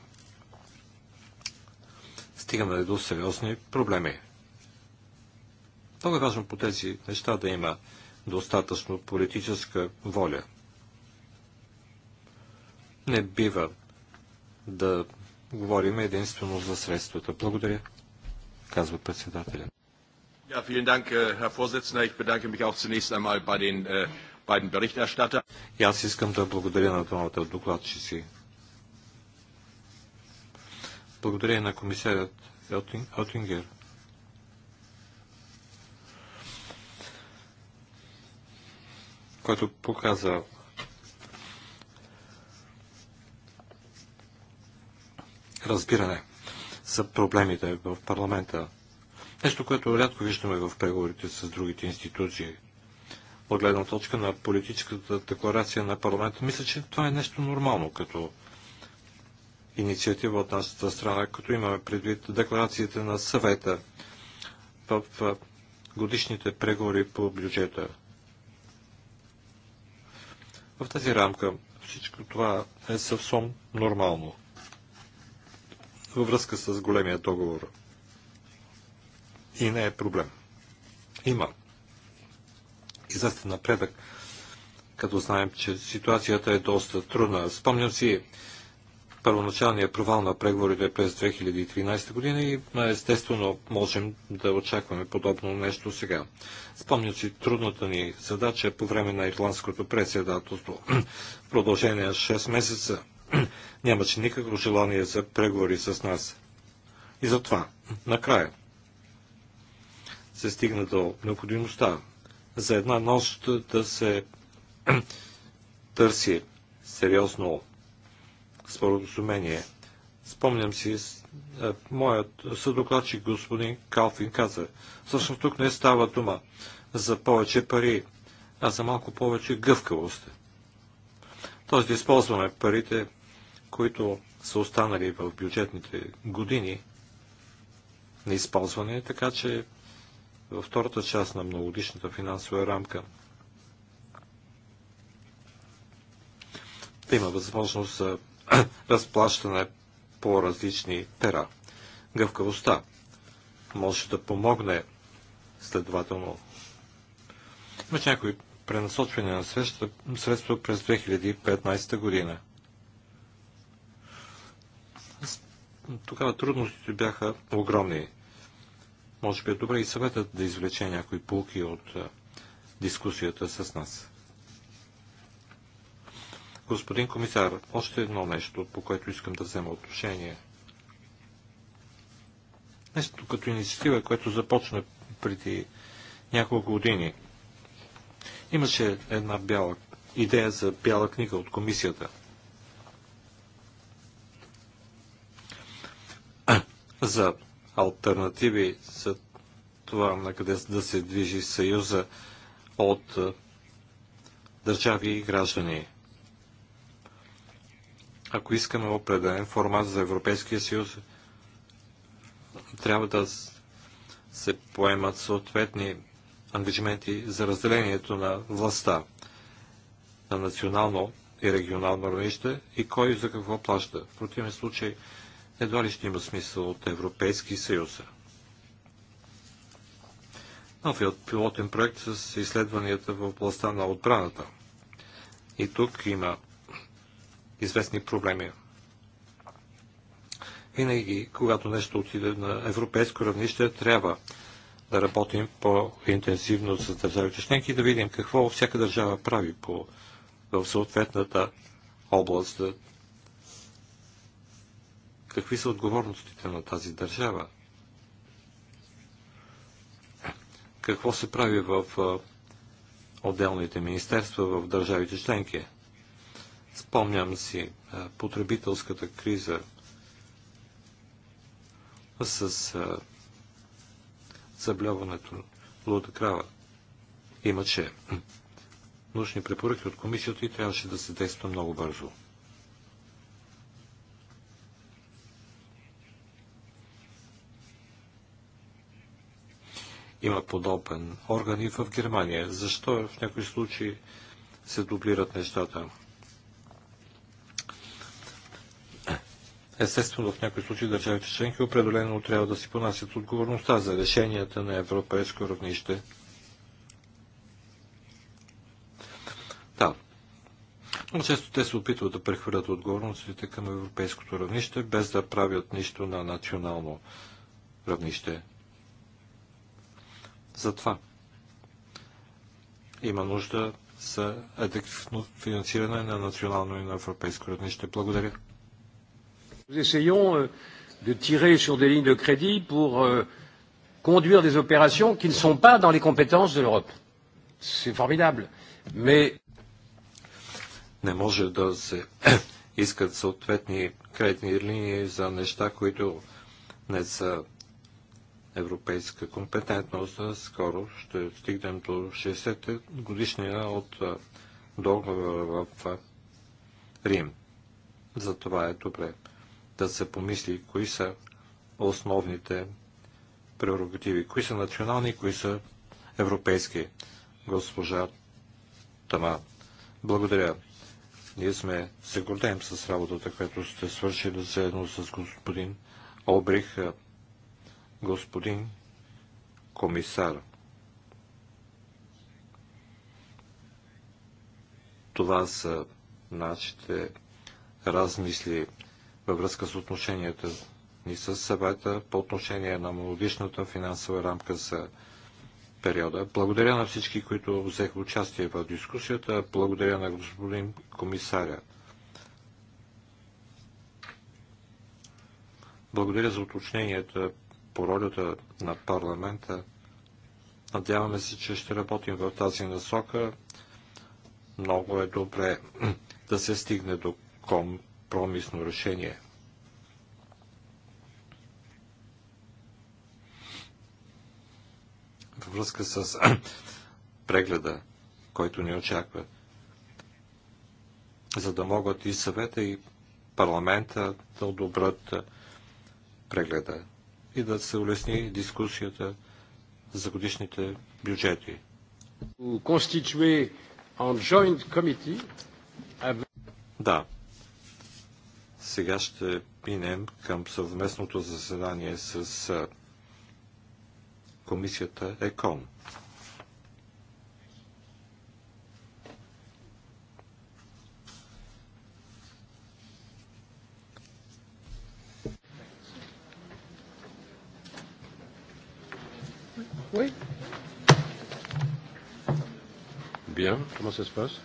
стигаме до сериозни проблеми. Много е важно по тези неща да има достатъчно политическа воля. Не бива да говорим единствено за средствата. Благодаря, казва председателя. Ja, vielen Dank, äh, Herr Vorsitzender. Ich bedanke mich auch zunächst einmal bei den äh, beiden Berichterstattern. И аз искам да благодаря на двамата докладчици. Благодаря и на комисарят Отингер. който показа разбиране за проблемите в парламента. Нещо, което рядко виждаме в преговорите с другите институции. От гледна точка на политическата декларация на парламента, мисля, че това е нещо нормално като инициатива от нашата страна, като имаме предвид декларациите на съвета в годишните преговори по бюджета. В тази рамка всичко това е съвсем нормално във връзка с големия договор и не е проблем. Има известен напредък, като знаем, че ситуацията е доста трудна. Спомням си първоначалния провал на преговорите през 2013 година и естествено можем да очакваме подобно нещо сега. Спомням си трудната ни задача по време на ирландското председателство. В продължение на 6 месеца нямаше никакво желание за преговори с нас. И затова, накрая, се стигна до необходимостта за една нощ да се търси сериозно споразумение. Спомням си, е, моят съдокладчик господин Калфин каза, всъщност тук не става дума за повече пари, а за малко повече гъвкавост. Тоест да използваме парите, които са останали в бюджетните години на използване, така че във втората част на многодишната финансова рамка. Да има възможност за разплащане по различни пера. Гъвкавостта може да помогне следователно. Имаше някои пренасочвания на средства през 2015 година. Тогава трудностите бяха огромни. Може би е добре и съветът да извлече някои полки от дискусията с нас. Господин комисар, още едно нещо, по което искам да взема отношение. Нещо като инициатива, което започна преди няколко години. Имаше една бяла идея за бяла книга от комисията. За альтернативи за това на къде да се движи Съюза от е, държави и граждани. Ако искаме определен формат за Европейския съюз, трябва да се поемат съответни ангажименти за разделението на властта на национално и регионално равнище и кой за какво плаща. В противен случай едва ли ще има смисъл от Европейски съюз. Новият пилотен проект с изследванията в областта на отбраната. И тук има известни проблеми. Винаги, когато нещо отиде на европейско равнище, трябва да работим по-интенсивно с държавите членки и да видим какво всяка държава прави по, в съответната област, какви са отговорностите на тази държава. Какво се прави в отделните министерства в държавите членки? Спомням си потребителската криза с заблеването луда крава. Имаше нужни препоръки от комисията и трябваше да се действа много бързо. има подобен орган и в Германия. Защо в някои случаи се дублират нещата? Естествено, в някои случаи държавите членки определено трябва да си понасят отговорността за решенията на европейско равнище. Да. Но често те се опитват да прехвърлят отговорностите към европейското равнище, без да правят нищо на национално равнище това. има нужда за адекватно финансиране на национално и на европейско равнище. Благодаря. Euh, de tirer sur des lignes de crédit pour euh, conduire des opérations qui ne sont pas dans les compétences de l'Europe. C'est formidable. Mais не може да се искат съответни кредитни линии за неща, които не са европейска компетентност, скоро ще стигнем до 60-та годишния от договора в Рим. Затова е добре да се помисли кои са основните прерогативи, кои са национални, кои са европейски. Госпожа Тама, благодаря. Ние сме се гордеем с работата, която сте свършили заедно с господин Обрих господин комисар. Това са нашите размисли във връзка с отношенията ни с съвета по отношение на мелодичната финансова рамка за периода. Благодаря на всички, които взеха участие в дискусията. Благодаря на господин комисаря. Благодаря за уточненията по ролята на парламента. Надяваме се, че ще работим в тази насока. Много е добре да се стигне до компромисно решение. Във връзка с прегледа, който ни очаква, за да могат и съвета, и парламента да одобрят прегледа и да се улесни дискусията за годишните бюджети. Да. Сега ще минем към съвместното заседание с комисията ЕКОН. Oui. Bien, comment ça se passe